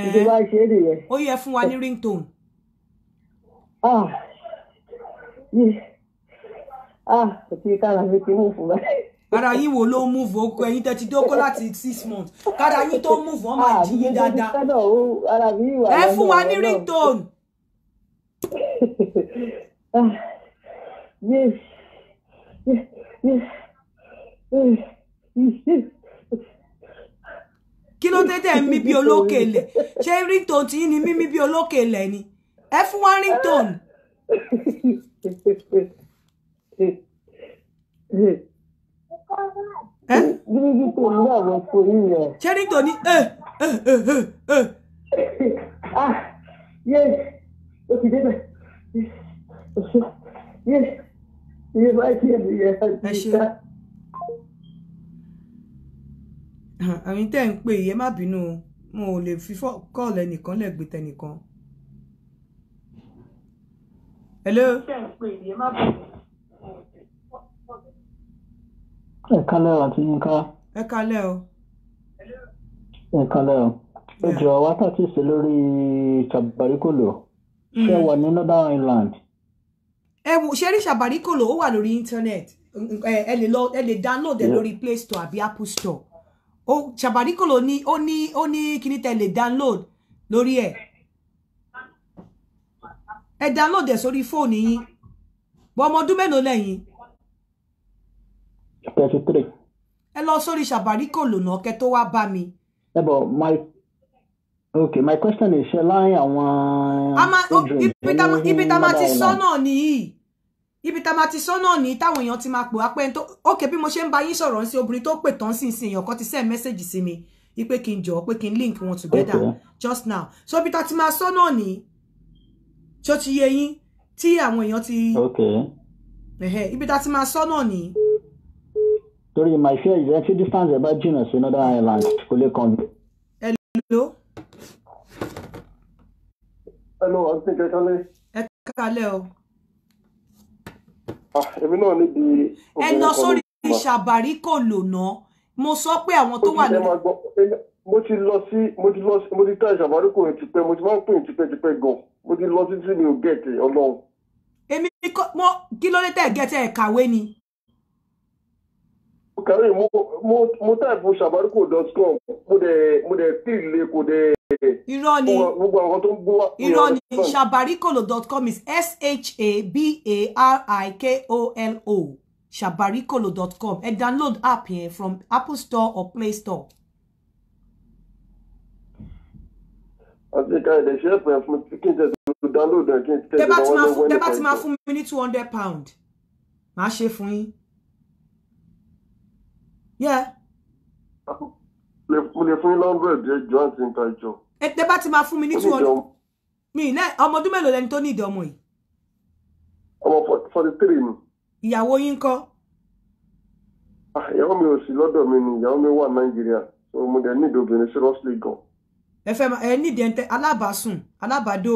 Ìjọba ṣe é nìyẹn. Ó yẹ fún wa ní ringtone. Ah, yìí, ah, òtí kára mi ti mú fún báyìí ara yín wo ló move oko ẹ̀yin tẹ́ ti dóko láti six months kára yín tó move wọn máa jí yín dáadáa ah, ẹ fún wa ní ringtone. Ah, yes. Yes. Yes. Yes. kí ló dédé ń mí bí olókè lẹ̀ ṣé ringtone tí ní mímí bí olókè lẹ̀ ni ẹ fún wa ringtone. Ah. gírígí tó ń bá àwọn torí rẹ̀. ṣé ní tòní. ah yes o ti débẹ̀ yes iye máa ṣe ìyẹn àti ìta. àmì tẹ́ ń pè yẹ má bínú mo ò lè fi kọ́ọ̀lù ẹnìkan hello. tẹ́ ń pè yẹ má ẹ kálẹ́ o àti yínká. ẹ kálẹ́ o. ẹ kálẹ́ o. ẹ jọ wá tàkì sí lórí ṣàbàríkòlò ṣé mm-hmm. wà ní northern Ireland. ẹ wò ṣe rí ṣàbàríkòlò ó wà lórí internet ẹ lè lọ ẹ lè download ẹ lórí play store àbí apple store ó ṣàbàríkòlò ní ó ní ó ní kíní tẹ lè download lórí ẹ ẹ download ẹ sórí fóònù yín bọ ọmọ ọdún mélòó lẹ́yìn thirty three. ẹ lọ sórí ṣàbáríkò lònà kẹ tó wá bá mi. ẹ bọ my okay my question is ṣe láàrin àwọn. ibi tá a máa ti sọ náà nìyí ibi tá a máa ti sọ náà ní táwọn èèyàn ti máa pè wá pé tó ókè bí mo ṣe ń bá yín sọ̀rọ̀ sí obìnrin tó pè tán sí ìsìn èèyàn kan ti send message sí mi ipe kí n jọ̀ọ́ pé kí n link wọn together just now so ibi tá a ti máa sọ náà ní tó ti yé yín tí àwọn èèyàn ti ibi tá a ti máa sọ náà ní torí my fair is ẹtí distance ẹ bá jìnnà sí northern ireland kò lè kàn mí. hello. hello àǹtí kẹkálẹ. ẹ kálẹ̀ o. Ah, èmi náà níbi. ẹ lọ sórí ìṣàbàrí kò lòna mo sọ pé àwọn tó wà lórí. mo ti lọ sí mo ti lọ sí mo ti tá ìṣàbàrí kò ní tipẹ́ mo ti máa ń pè ní tipẹ́tipẹ́ gan mo ti lọ sí tí mi ò gẹ̀ẹ́tì ọlọ́run. èmi kò mọ kí ló dé tẹ̀ gẹ́tẹ̀ ẹ̀ kàwé ni kari mo mo mo dot com mo dẹ̀ mo dẹ̀ tí ì le kò dẹ̀. irọ́ ni gbogbo àwọn tó ń gbó irọ́ ni sabarikolo dot com is s h a b a r i k o l o sabarikolo dot com ẹ download app yẹn from apple store or play store. àti ìka ẹ̀dẹ̀ ṣe é pẹ̀ fún kí n tẹ̀ tó download ẹ̀ kí n tẹ̀ tó wọlé wẹ́lẹ̀ pẹ̀lú. tẹ́ bá ti máa fún mi ní two hundred pound màá ṣe fún yín. Yeah. mo lè fún yín hundred ẹ jọ àti nǹkan ìjọ. ẹ tẹ bá ti máa fún mi ní two hundred mi ní ọmọ ọdún mélòó lẹni tó ní ìdí ọmọ yìí. ọmọ forty three ni. ìyàwó yín kọ́. Ah, ìyàwó mi ò sí lọ́dọ̀ mi ni ìyàwó mi wà nàìjíríà mo dẹ̀ ní ìdí obìnrin seriously gan. ẹ fẹ́ ẹ ní ìdí ẹntẹ alábàásùn alábàádó.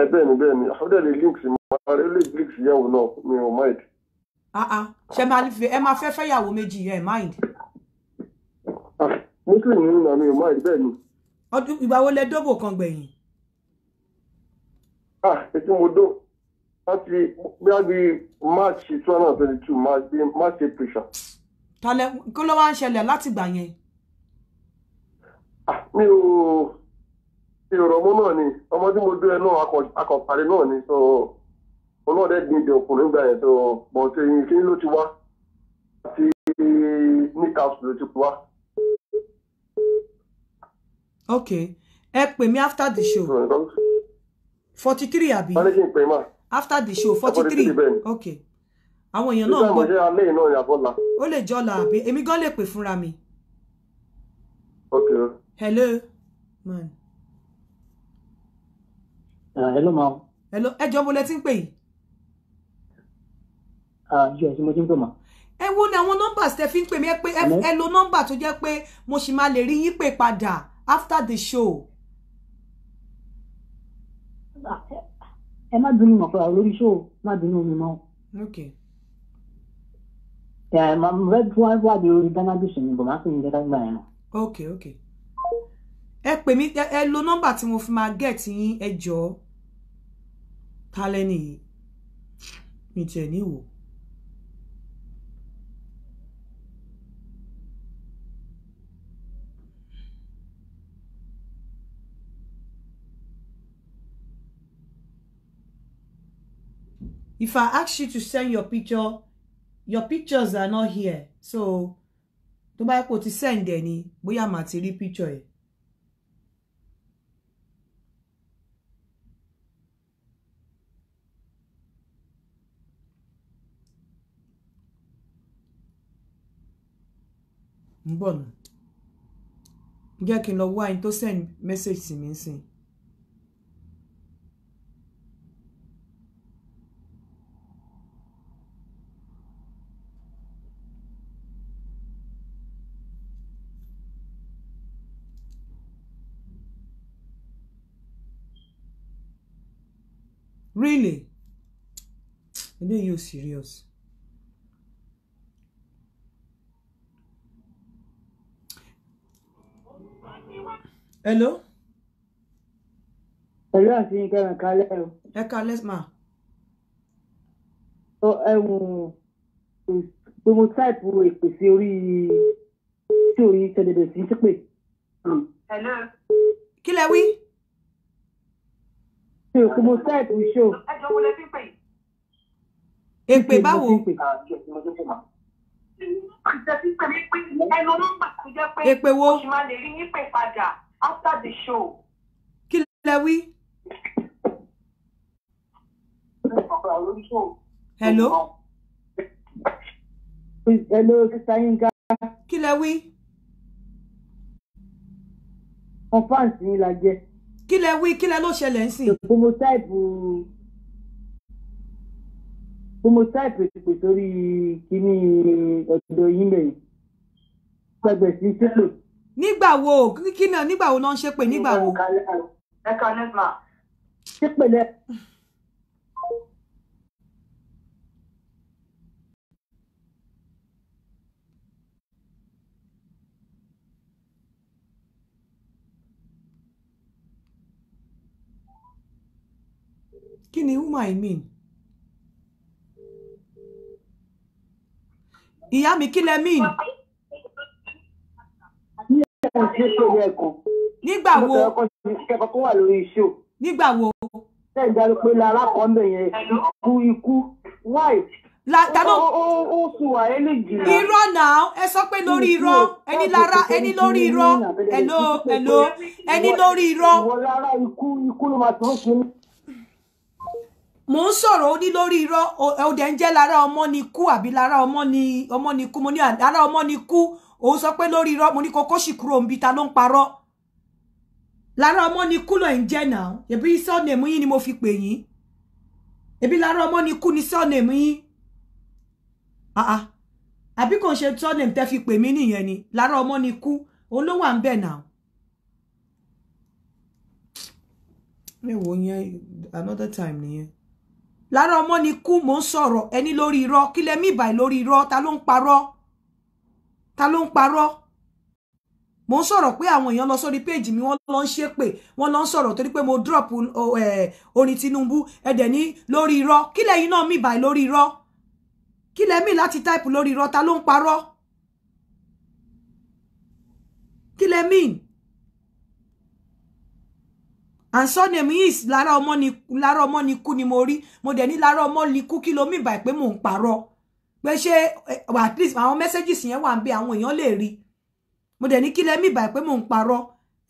ẹ bẹ́ẹ̀ ni bẹ́ẹ̀ ni àfọdẹ́ lè link mi àárẹ̀ lè link sí ìyàwó náà mi ò máa ìdí. Ah, ah. ṣe máa fẹ́ ẹ máa fẹ́ fẹ́yàwó méjì ẹ mind. mùsùlùmí ni àmì ò máa rí bẹ́ẹ̀ ni. ọdún ìgbà wo lẹ dóbò kan gbẹ̀yìn. Ah, ètò mo dó láti bí a bí march two hundred and twenty two march march april. talẹ kí ló wá ń ṣẹlẹ̀ láti gbà yẹn. Ah, mi ò mi ò rọ̀ mọ́ náà ni ọmọ tí mo dó ẹ náà akọ̀pàdé náà ni so olóòdẹ dèdè ọkùnrin gbà yẹn tó but ẹyin ló ti wá àti nick ló ti wá. ok ẹ pè mí after the show forty three àbí after the show forty three ok àwọn èèyàn náà ń gbọ́ ó lè jọlá àbí èmi gan lè pè fúnra mi. Okay. Hello, man. Ah, hello, ma'am. Hello, ẹ jọ̀ọ́ mo lẹ ti ń pè yìí yes mo ti ń pè mọ́. ẹ wo ni àwọn numbers tẹ fi ń pè mí ẹ pé ẹ lo number tó jẹ́ pé mo sì máa lè rí yín pè padà after the show. ẹ má bínú mọ̀ fúra lórí show má bínú mi mọ́. okay. ẹ máa mo fẹ́ fún wáyé orí cannabis mi bọ̀ má sì ń jẹ́ dágbà yẹn. okay okay. ẹ pè mí ẹ lo nọ́mbà tí mo fi máa get yín ẹ jọ̀ọ́ ta lẹ́nu yìí mi tiẹ̀ ní if I ask you to send your picture your pictures are not here so tó buy. What kó send any? ni bóyá material picture Bon. ń bọ̀ nù jẹ́ kí n lọ send message to me. sìn. really ebe you serious hello hello àti nǹkan ẹ̀ kalẹ̀ o. ẹ kalẹ̀ ma. ọ ẹ̀wọ̀n gbogbo táìpù èpè sí orí tí òyìn tẹ̀lé bẹ̀rẹ̀ sí í pè. hello. kí lẹ wí ṣe òkú mo sá ètò iṣẹ́ o. ẹ èpè báwo. èpè wo. oṣù lè wí. hello. hello sista Yinka. kí lẹ wí. confam sí la jẹ kí lẹ wí kí lẹ ló ṣẹlẹ̀ ń sìn. homotype homotype pè sórí kíní ọ̀dọ̀ yín lẹ́yìn pẹ̀gbẹ̀ sí sípò. nígbà wo kí náà nígbà wo náà ń ṣépè nígbà wo. ẹ kàn lẹ́yìn. Kini ni woman i mean ìyá mi kí lẹ mean. nígbà wo nígbà wo. ṣé ìdarí pé lára kan bẹ̀ yẹn ikú ikú wáì ta ló ó fi wà eléjì náà. irọ́ náà ẹ sọ pé lórí irọ́ ẹni lára ẹni lórí irọ́ ẹ̀lò ẹ̀lò ẹni lórí irọ́ mo ń sọ̀rọ̀ ó ní lórí irọ́ ó dẹ̀ ń jẹ́ lára ọmọ ni kú àbí lára ọmọ ni ọmọ ni kú mo ní lára ọmọ ni kú òun sọ pé lórí irọ́ mo ní kókó sì kúrò ń bi ta ló ń parọ́ lára ọmọ ni kú ló ń jẹ́ náà ẹbí sọ́ọ̀nẹ̀mú yín ni mo fi pè yín ẹbí lára ọmọ ni kú ni sọ́ọ̀nẹ̀mú yín àbí kò ń ṣe sọ́ọ̀nẹ̀mú tẹ́ fi pè mí nìyẹn ni lára ọmọ ni kú òun ló wà ń bẹ̀ náà. mi wo yẹn another time nìyẹn lára ọmọ ni kú mò ń sọ̀rọ̀ ẹni lórí irọ́ kí lẹ mí ìbàì lórí irọ́ ta ló ń parọ́ ta ló ń parọ́ mò ń sọ̀rọ̀ pé àwọn èèyàn lọ sórí péèjì mi wọ́n lọ ń ṣépè wọ́n lọ ń sọ̀rọ̀ torí pé mo drop orin Tinubu ẹ̀dẹ̀ ní lórí irọ́ kí lẹ́yìn náà mí ìbàì lórí irọ́ kí lẹ mí láti táìpù lórí irọ́ ta ló ń parọ́ kí lẹ mí and surname is lára ọmọ ni lára ọmọ ni kú ni mo rí mo dẹ̀ ní lára ọmọ ni kú kí ló mì báyìí pé mò ń parọ́ pé ṣé eh, at least àwọn messages yẹn wà ń bẹ àwọn èèyàn lè rí mo dẹ̀ ní kí lẹ́ mì báyìí pé mò ń parọ́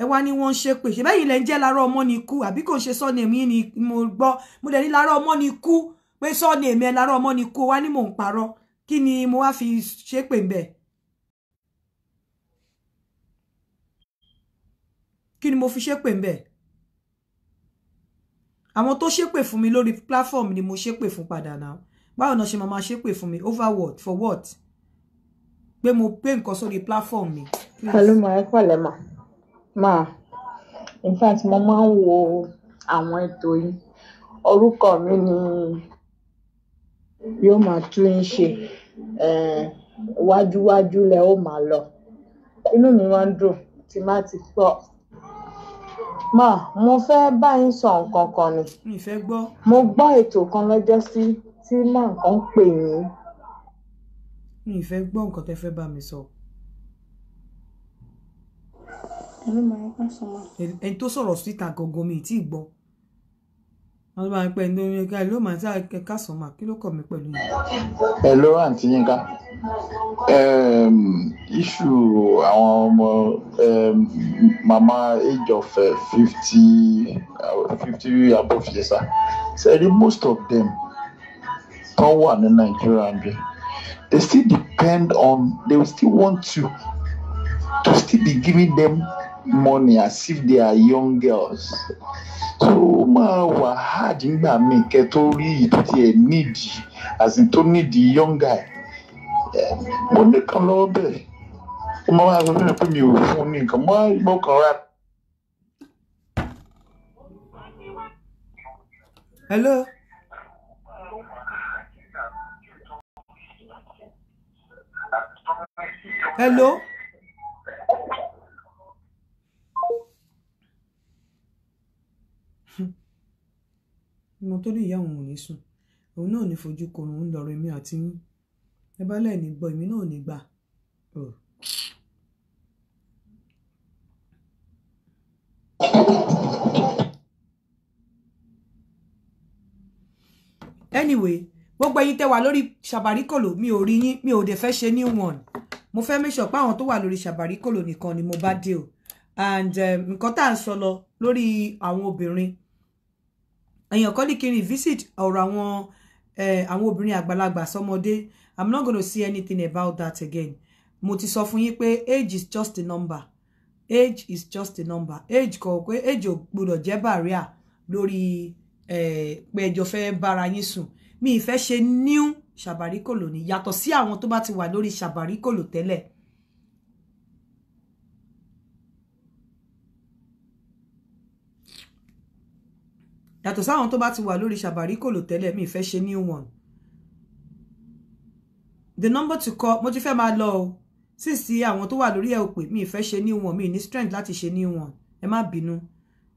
ẹ wá ní wọ́n ṣe pé ṣe bẹ́yìn lẹ́ ń jẹ́ ni kú àbí kò ṣe surname yín ni mo gbọ́ mo dẹ̀ ní lára ọmọ ni kú pé surname ẹ lára ọmọ ni kú wá ní mò ń parọ́ kí mo wá fi ṣépè ń bẹ̀. kí mo fi ṣépè ń bẹ̀ àwọn tó ṣépè fún mi lórí platform ni mo ṣépè fún padà náà báwo náà ṣe máa máa ṣépè fún mi over what for what pé mo pé nǹkan sórí platform mi. pẹ̀lú màá ẹ pẹ̀lẹ́ mà máa in fact mo máa ń wo àwọn ètò yìí orúkọ mi ni yóò máa tún ń ṣe wájúwájú lẹ ó máa lọ inú mi máa ń dùn tí má ti pọ̀ ma mo fẹ́ bá yín sọ nǹkan kan ni. mi fẹ́ gbọ́. mo gbọ́ ètò kan lọ́jọ́ sí tí má nǹkan pè yín. mi fẹ́ gbọ́ nǹkan tẹ́ fẹ́ bá mi sọ. ẹni tó sọ̀rọ̀ síta gangan mi ì tí ì gbọ́ wọ́n bá ń pẹ́ ní orin ẹ̀ka ìlú màá sáà kẹ́kẹ́ sàn máa kí ló kọ̀ mí pẹ̀lú yẹn. ẹ ló àǹtí Yínká iṣu àwọn ọmọ mama um, age of uh, fifty uh, fifty above yẹsà sẹ́ẹ̀rí most of them tó wà ní Nigeria, ń they still depend on they still want to to still be giving them money as if they are young girls. so ó máa wà hard ńgbà mí kẹ tó rí ìdí ẹ nídìí àti tó nídìí young guy mo nikan kan be ọ máa wá sọ mi pé mi ò fún ní nǹkan mo kàn ra. ìmọ̀ tó ní ìyá òun ò ní sùn òun náà ní fojú korun ń lọrọ èmi àti yín ẹ bá lẹ́ẹ̀ ní gbọ́ èmi náà ò ní gbà. anyway gbogbo ẹ̀yin tẹ́ wà lórí ṣàbàríkòlò mi ò rí yín mi ò dẹ̀ fẹ́ ṣe new one mo fẹ́ make sure pé àwọn tó wà lórí ṣàbàríkòlò nìkan ni mo bá dé o and eh, nǹkan tá à ń sọ lọ lórí àwọn obìnrin èèyàn kọ́ ní kí n revisit ọ̀rọ̀ àwọn àwọn obìnrin àgbàlagbà sọmọdé i'm not gonna see anything about that again mo ti sọ fún yín pé age is just a number age is just a number age kọ pé age ò gbọdọ̀ jẹ́ barrier lórí pé ẹjọ́ fẹ́ bára yín sùn mi ìfẹ́ ṣe new ṣàbáríkòlò ni yàtọ̀ sí àwọn tó bá ti wà lórí ṣàbáríkòlò tẹ́lẹ̀ yàtọ̀ sáwọn tó bá ti wà lórí ṣàbàríkòlò tẹ́lẹ̀ mi fẹ́ ṣe new one the number to call mo ti fẹ́ máa lọ o sísí àwọn tó wà lórí ẹ̀ ò pè mi fẹ́ ṣe new one mi ní strength láti ṣe new one ẹ má bínú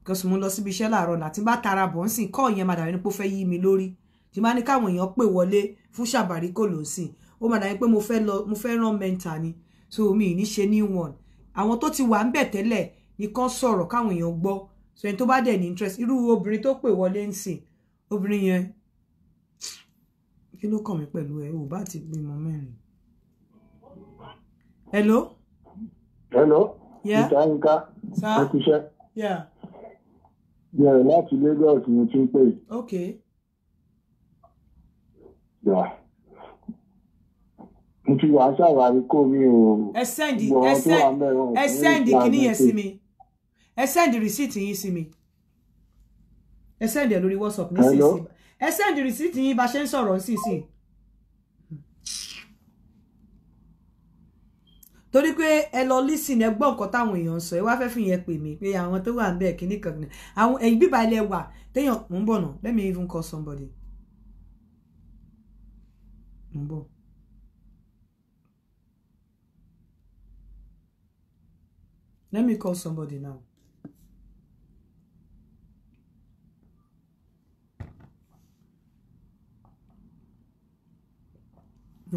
because mo lọ síbi iṣẹ́ láàárọ̀ láti bá tara bọ̀ ń sìn kọ́ ìyẹn madàrí ni pé ó fẹ́ yí mi lórí tí máa ní káwọn èèyàn pè wọlé fún ṣàbàríkòlò sìn ó madàrí pé mo fẹ́ lọ mo fẹ́ rán mẹ́ta ni so mi ní ṣe new one àwọn tó ti wà ń bẹ̀ tẹ́lẹ̀ nìkan sọ̀rọ̀ káwọn èèyàn gbọ́ so ẹni tó bá dẹ̀ ní interest irú obìnrin tó pè wọlé ń sìn obìnrin yẹn kí ló kàn mí pẹ̀lú ẹ ò bá ti bímọ hello. hello. yeah. ìta nǹka ẹ kú yeah. bẹ̀rẹ̀ Lagos ni tí ń pè. Yeah mo ti wàá ṣàwárí kó mi o. ẹ sẹ́ndì ẹ sẹ́ndì kìíní yẹn sí mi ẹ send receipt yín sí mi ẹ send ẹ lórí whatsapp nísinsìnyí ẹ send the receipt in. yín bá ṣe ń sọ̀rọ̀ nísinsìnyí. torí pé ẹ lọ lísìn ẹ gbọ́ nǹkan so. èèyàn sọ ẹ wá fẹ́ fìyẹn pè mí pé to tó wà níbẹ̀ kíní kan ní àwọn ẹ̀yìn bíbá ilẹ̀ wà téèyàn mò ń bọ̀ no. let me even call somebody mò let me call somebody now.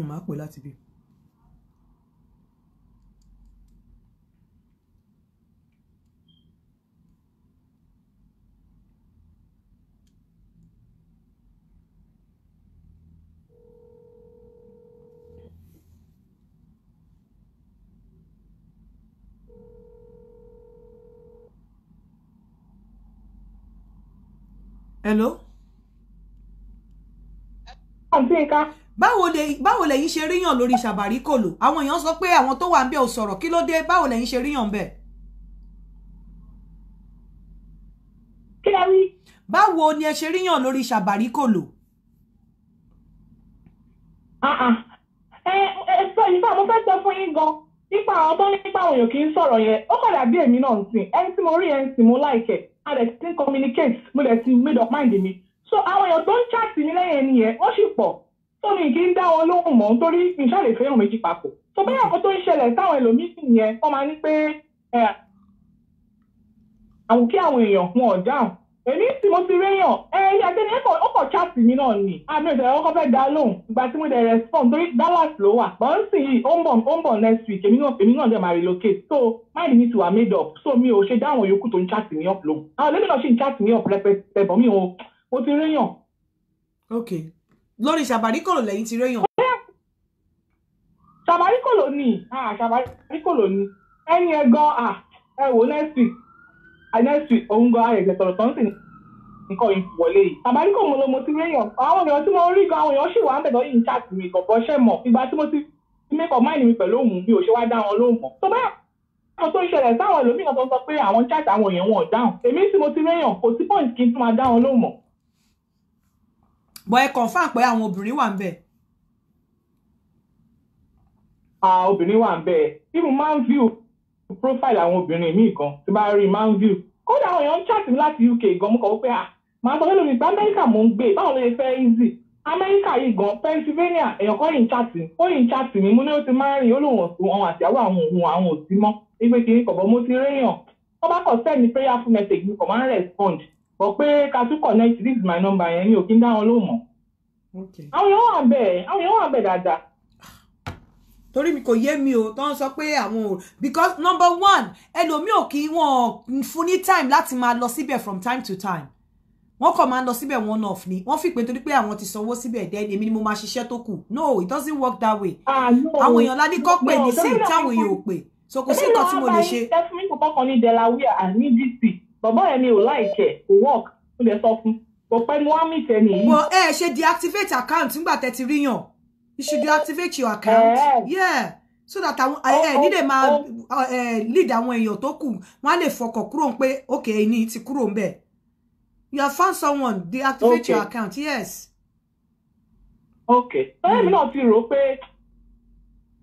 n máa pè láti bí. Hello. Àǹtí báwo lè báwo lẹ̀yin ṣe ríyàn lórí ṣàbàrí kòlò àwọn èèyàn sọ pé àwọn tó wà ń bẹ ò sọ̀rọ̀ kí ló dé báwo lẹ̀yin ṣe ríyàn ń bẹ. kí lẹ wí. báwo ni ẹ ṣe ríyàn lórí ṣàbàrí kòlò. Ah, ah. ẹ ẹ sọ yìí fún àwọn fẹ́ sọ fún yín gan nípa àwọn tó nípa àwọn èèyàn kì í sọ̀rọ̀ yẹn ó kọ̀ dàbí èmi náà ń sìn ẹni tí mo rí ẹni tí mo láìkẹ̀ a dẹ̀ ti communicate mo dẹ̀ ti made up mind mi so àwọn èèyàn tó ń chat mi lẹ́yìn ẹni yẹn wọ́n sì pọ̀ tó ní kí ń dá wọn lóhùn mọ́ nítorí ìṣàlè fẹ́ràn méjì papọ̀ tó bá yàgò tó ń ṣẹlẹ̀ táwọn ẹlòmíín sì yẹn wọ́n máa ní pé àwọn kí àwọn èèyàn wọn ò dáhùn èmi sì mo ti réyàn ẹyẹ àtẹni ẹkọ ọkọ chaatì mi náà ni àmì ìṣẹ̀lẹ̀ ọkọ fẹẹ dá lóhùn ìgbà tí mo dẹ respond torí Dallas ló wà bọ́ǹsì yìí ó ń bọ̀ ó ń bọ̀ next week èmi náà èmi náà dẹ̀ máa relocate so mind mi ti wà made up so mi ò ṣe dáhùn yòókù tó ń chaatì mi up lóhùn àwọn lẹ́mìnà ṣì ń chaatì mi up rẹpẹtẹ bọ̀ mi ò mo ti réyàn. okay lórí ṣàbàríkòlò lẹ́yìn ti réyàn. ṣàbàríkòlò ni ṣàbàríkòlò ni ẹni ẹ gan ẹ wò next week ah, next week òun gan ayẹyẹ sọ̀rọ̀ tó ń sìn nǹkan yìí wọlé yìí. ṣàbàríkòlò mo mo ti réyàn àwọn èèyàn tí mo rí gan àwọn èèyàn sì wà ń bẹ̀rẹ̀ yìí ń ṣáàtì mi kò bọ́ṣẹ́ mọ̀ ìgbà tí mo ti make up mind mi pẹ̀lú òun bí o ṣe wá dá wọn lóhùn mọ́. tó bá àwọn tó ń ṣẹlẹ̀ sáwọn ẹlòmíràn tó sọ pé àwọn chat àwọn èèyàn wọn ò dáhùn èmi tí mo ti réyàn kò sí point kí n tún máa dá wọn lóhùn mọ́. bọ́ ẹ confam pé àwọn obìnrin wà ń bẹ̀. obìnrin wà ń bẹ̀ tí mo máa ń view profile àwọn obìnrin mi kan tí bá rí view kódà àwọn èèyàn ń chat UK gan mo kàn wípé à ah, màá sọ fẹ́lẹ́ mi pé Amẹ́ríkà mò ń gbé báwo Pennsylvania èèyàn kọ́ yìí chat mi yìí chat mi mo ní ti máa ń rìn ó lóun ti réyàn bá kọ̀ send prayer message mi but pé ká tún connect this is my number yẹn mi ò kí ń dá wọn lóhùn mọ́. àwọn èèyàn wà bẹ́ẹ̀ àwọn èèyàn wà bẹ́ẹ̀ dáadáa. torí mi kò yé mi o tó ń sọ pé àwọn ò because number one ẹlòmíì ò kí wọn fún ní time láti máa lọ síbẹ̀ from time to time wọ́n kàn máa ń lọ síbẹ̀ one off ni wọ́n fi pé torí pé àwọn ti sanwó síbẹ̀ dẹ́ èmi ni mo máa ṣiṣẹ́ tó kù no it doesn't work that way ah, àwọn èèyàn ládé kọ́ pè ní sí táwọn èèyàn ò pè so kò sí nǹkan tí mo lè ṣe. èmi náà wá bá yín tẹ́sí mi kò kọ́kọ́ ní Delaware àní DC bàbá ẹ̀ mi ò láìkẹ̀ kò work ó lè sọ fún kò pẹ́ ni wọ́n á mì wọ ẹ ṣe deactivate account nígbà tẹ ti ríyàn you should deactivate your account eh. yeah so that àwọn ẹ nílẹ̀ máa lead àwọn èèyàn tó kù wọ́n á lè fọkàn kúrò ń pé okay ẹni ti kúrò ń bẹ̀ you have found someone deactivate okay. your account yes. okay ẹ̀mí náà ti rò ó pé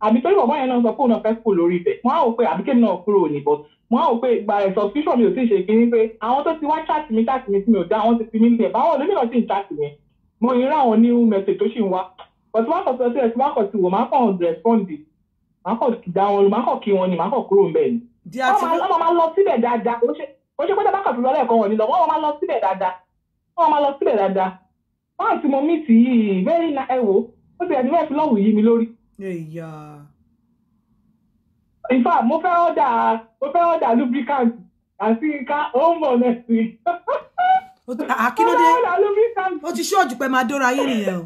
àbí torí bàbá yẹn náà sọ pé òun náà fẹ́ kú lórí ibẹ̀ wọ́n á wò pé àbí kémi náà kúrò ní bọ́tù mo hàn pé ìgbà rẹ̀ subscription mi ò tí ì ṣe kínní pé àwọn tó ti wá chat mi chat mi tí mi ò dá àwọn ti fi mí lẹ̀ báwọn olómìnira sì ń chat mi mo rí àwọn new message tó sì ń wá ọtí wá kọ̀ọ̀tì ọtí ẹ̀sìn wá kọ̀ọ̀tì wò máa kàn respond máa kàn dá wọn lò máa kàn kí wọn ni máa kàn kúrò ńbẹ̀ ni. wọ́n máa lọ síbẹ̀ dáadáa ó ṣe pé dábàá kàtó lọ́lẹ̀ kan wọ̀ nílọ wọ́n máa lọ síbẹ̀ dáadáa wọ́n máa lọ síbẹ̀ dáadáa wọ́n àti mo mí tì very na ẹ̀wò ó ti ẹ̀dínwó ẹ̀fí lọ́wù yí mi in fact mo fẹ́ ọ̀dà mo fẹ́ ọ̀dà lubricant àti nǹkan ó ń bọ̀ lẹ́sìn. àkínúdé ó ti ah, ṣóòjù pé máa dóra ayé nìyẹn o.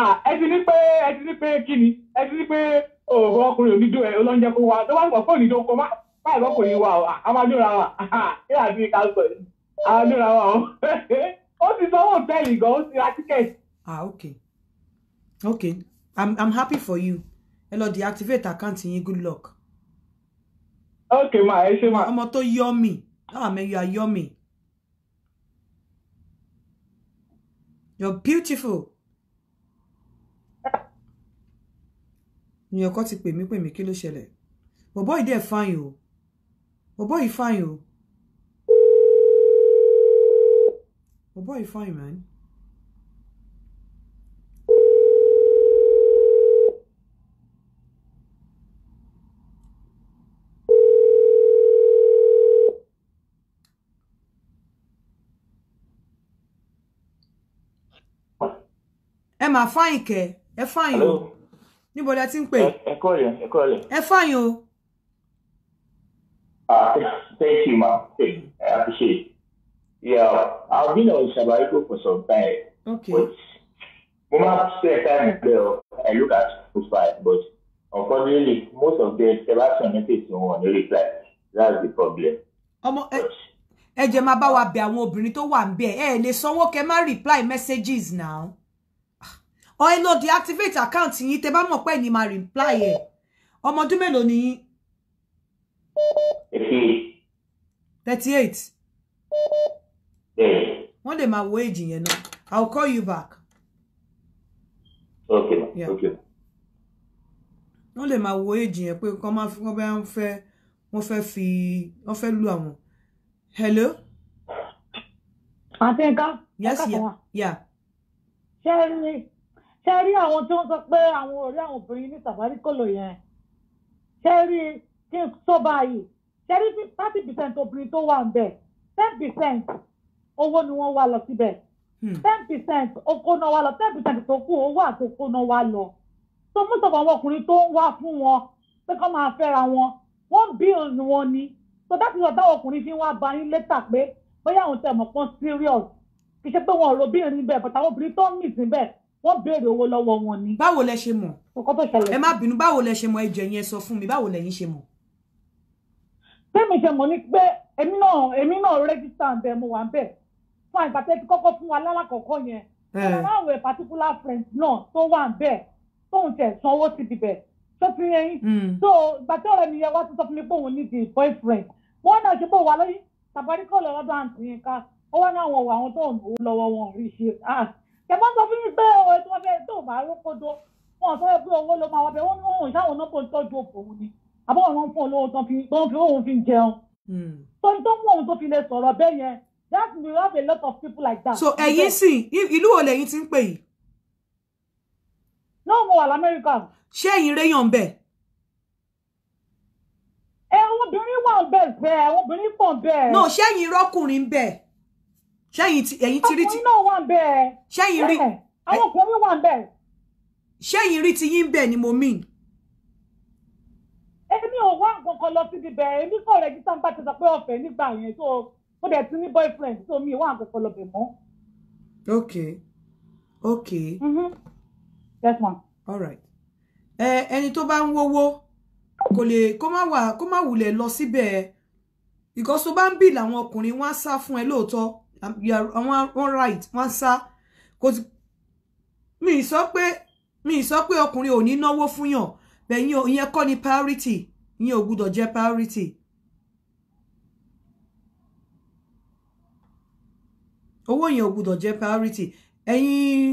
Ah, ẹ ti ní pé ẹ ti ní pé kí ni ẹ ti ní pé òòrùn oh, ọkùnrin ò ní dó ẹ olóúnjẹ kó wa tó bá gbọ́ fóònù ìdókò má báyìí lọ́kùnrin wa àwọn adóra wa kí àti ká sọ yìí àwọn adóra wa o ó ti sanwó òtẹ́ẹ̀lì gan ó ti ra tíkẹ́ẹ̀tì. ah okay okay i'm i'm happy for you ẹ lọ deactivate account yín good luck. ok ma ẹ ṣe ma. ọmọ tó yọ mí ah man you are yummy. you're beautiful. ìyẹn kọ́ ti pè mí pè mí kí ló ṣẹlẹ̀ bọ̀bọ́ ìdí ẹ̀ fáyìn o bọ̀bọ́ yìí fáyìn o bọ̀bọ́ yìí fáyìn man. ẹ máa fáyìn kẹ ẹ fáyìn o níbo lẹ ti ń pè. ẹ kọ́ rẹ̀ ẹ kọ́ rẹ̀. ẹ fáyìn o. Ah, thank you ma i appreciate yeah i've been on Shabariko for some time. okay but mo máa spend time there o i look at profile but unfortunately most of them ever send message to wọn no reply that's the problem. ọmọ ẹ ẹ jẹ́ máa bá wa bẹ̀ àwọn obìnrin tó wà ń bẹ̀ ẹ lè sanwó kẹ́ má reply messages now or ẹ lọ deactivate account yín tẹ bá mọ̀ pé ẹni máa reply ẹ̀ ọmọ ọdún mélòó ni yín. thirty eight. wọ́n lè máa wo èjì yẹn náà I will call you back. okay yeah. okay. One day my wo èjì yẹn pé kọ́ máa fi wọ́n bá ń fẹ́ wọ́n fẹ́ fi wọ́n fẹ́ lu àwọn. hello. àti yes yeah. ṣé ẹ ní ṣe rí àwọn tí wọ́n sọ pé àwọn ọ̀rẹ́ àwọn obìnrin ní sàfárí kòlò yẹn ṣe rí kí n tó báyìí ṣe rí thirty percent obìnrin tó wà ń bẹ̀ ten percent owó ni wọ́n wá lọ síbẹ̀ hmm. ten percent okó náà wá lọ ten percent tó kù owó àti okó náà wá lọ tó mú sọ̀rọ̀ àwọn ọkùnrin tó ń wá fún wọn pé kọ́ máa fẹ́ra wọn wọ́n bílíọ̀nù wọn ni so dáàbò ìwà táwọn ọkùnrin fi wá ba yín létà pé bóyá àwọn tẹ̀ mọ̀ pọ́n serious kì í ṣe pé wọn ò lo bílíọ̀nù níbẹ̀ bàtà àwọn obìnrin tó ń mì síbẹ̀ wọ́n béèrè owó lọ́wọ́ wọn ni. báwo lẹ ṣe mọ̀ ẹ má bínú báwo lẹ ṣe mọ̀ ẹjọ yẹn sọ fún mi báwo lẹ̀yin ṣe mọ̀. bẹ́ẹ̀ni ṣe mọ̀ ni pé èmi náà èmi náà rẹ́gísítà ń bẹ mo wà ń bẹ̀ fún àgbà tẹ́ ti kọ́kọ́ fún wa lálàkọ̀ọ́kọ́ yẹn. aláwọ̀ ẹ̀ particular friend náà tó wà ń bẹ̀ tóun tẹ̀ san owó ti dìbẹ̀ tó ti yẹn yín. Hmm. so gbàtẹ́ ọ̀rẹ́ mi yẹn wá ti sọ fún mi pé òun ní di boyfriend wọ́n náà ṣe pé wà lóyún tàbáríkọ̀ lọ́dọ̀ àǹtí yẹn ká ó wá náà wọ̀ wọ àwọn tó ń lọ́wọ́ wọn rí ṣe ah, yàtọ̀ sọ fún mi pé ọ̀rẹ́ tí wọ́n fẹ́ tó bá rókòdó wọn sọ pé owó ló máa wà bẹ́ẹ̀ wọ́n ní wọn ìṣàwọn náà kò ń tọ́jú òfò òun ni àbọ̀ wọn fún olówó tán fi tó fi òun fi jẹun. Hmm. tó ń tó ń òun tó fi lè sọ̀rọ̀ bẹ́ẹ̀ yẹn that we have a lot of people like that. so ẹ̀yin sì ìlú wo lẹ́yìn ti ń pè yìí. náà mo wà lamẹ́ríkà. ṣé ẹ̀yin réyàn bẹ́ẹ̀. ẹ obìnrin wà bẹ́ẹ̀ bẹ́ẹ̀ obìnrin pọ̀ bẹ́ẹ̀. náà ṣé ẹ̀yin rọ́kùnrin bẹ́ẹ̀ ṣẹ́yìn ti ẹ̀yìn ti rí ti. ọkùnrin náà wà bẹ́ẹ̀. ṣẹ́yìn rí. àwọn ọkùnrin wà bẹ́ẹ̀. ṣẹ́yìn rí ti yín bẹ́ẹ̀ ni mo mean. èmi ò wá nǹkan kan lọ síbi bẹ́ẹ̀ èmi kò rẹ́gísítà ń bá ti sọ pé ọ̀fẹ́ nígbà yẹn tó ó dẹ̀ ti ní boyfriend tó mi wá nǹkan kan lọ bẹ̀ mọ́. ok ok. Mm-hmm. yes ma. all right. ẹ ẹni tó bá ń wówó kò lè kó má wà kó má wulẹ̀ lọ síbẹ̀ because tó bá ń bì làwọn ọkùnrin wọn á sá fún ẹ lóòótọ́ wọ́n um, um, right wọ́n sá kò sí mi sọ pé mi sọ pé ọkùnrin ò ní náwó fún yàn bẹ̀yìn ìyẹn kọ́ ni priority ìyẹn ò gbúdọ̀ jẹ́ priority. owó yẹn ò gbúdọ̀ jẹ́ priority ẹ̀yin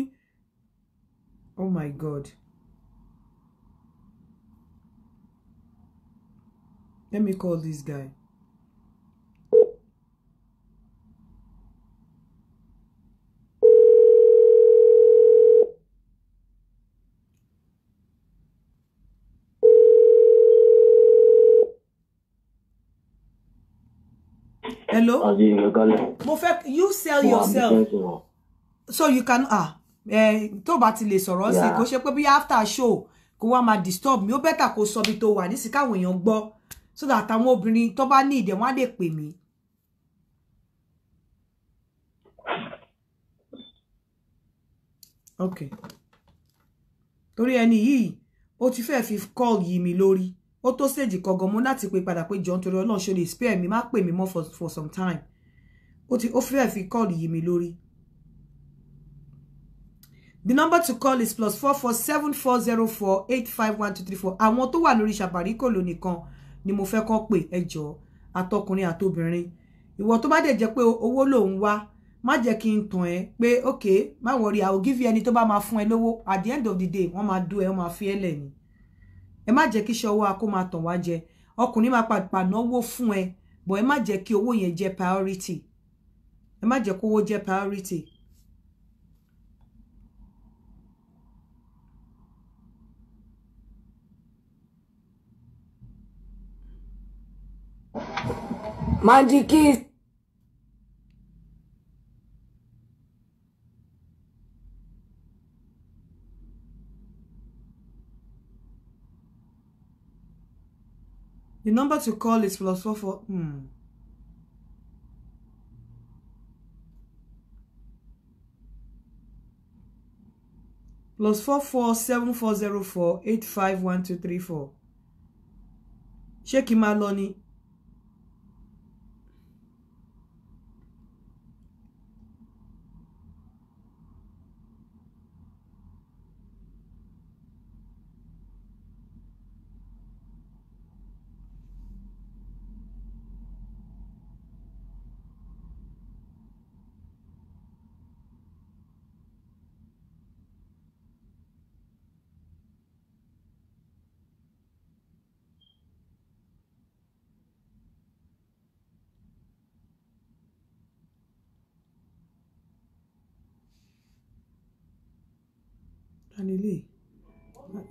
oh my god let me call this guy. hello mo fẹ́ you sell yourself so you can ah eh tó bá ti lè sọ̀rọ̀ sí kó ṣe pé bí after show kó wá máa disturb mi ó better kó sọ bí tó wà nísìí káwọn èèyàn gbọ́ so that àwọn obìnrin tó bá ní ìdẹ̀ wọ́n á lè pè mí. ok torí ẹni yìí ó ti fẹ́ fi call yìí mi lórí ó tó stage kọ̀ọ̀gàn mo láti pe padà pé jọ nítorí ọlọ́run ṣe lè spare mi má pè mí mọ́ for, for some time ó ti ó fẹ́ fi call yìí mi lórí the number to call is plus four four seven four zero four eight five one two three four àwọn tó wà lórí ṣàbàríkòlò nìkan ni mo fẹ́ kọ́ pé ẹ jọ àtọkùnrin àtobìnrin ìwọ tó bá dẹ̀ jẹ́ pé owó lòun wá má jẹ́ kí n tàn ẹ́ pé ok má wọrí i will give you ẹni tó bá máa fún ẹ lówó at the end of the day wọ́n máa dó ẹ wọ́n máa fi ẹ́ lẹ̀ ẹ má jẹ́ kí iṣẹ́ ọwọ́ akó máa tàn wá jẹ ọkùnrin máa pàpà náwó fún ẹ bọ̀ ẹ má jẹ́ kí owó yẹn jẹ́ priority ẹ má jẹ́ kówó jẹ́ priority. Magic The number to call is plus four four. Hmm. Plus four four seven four zero four eight five one two three four. Ṣé kí n máa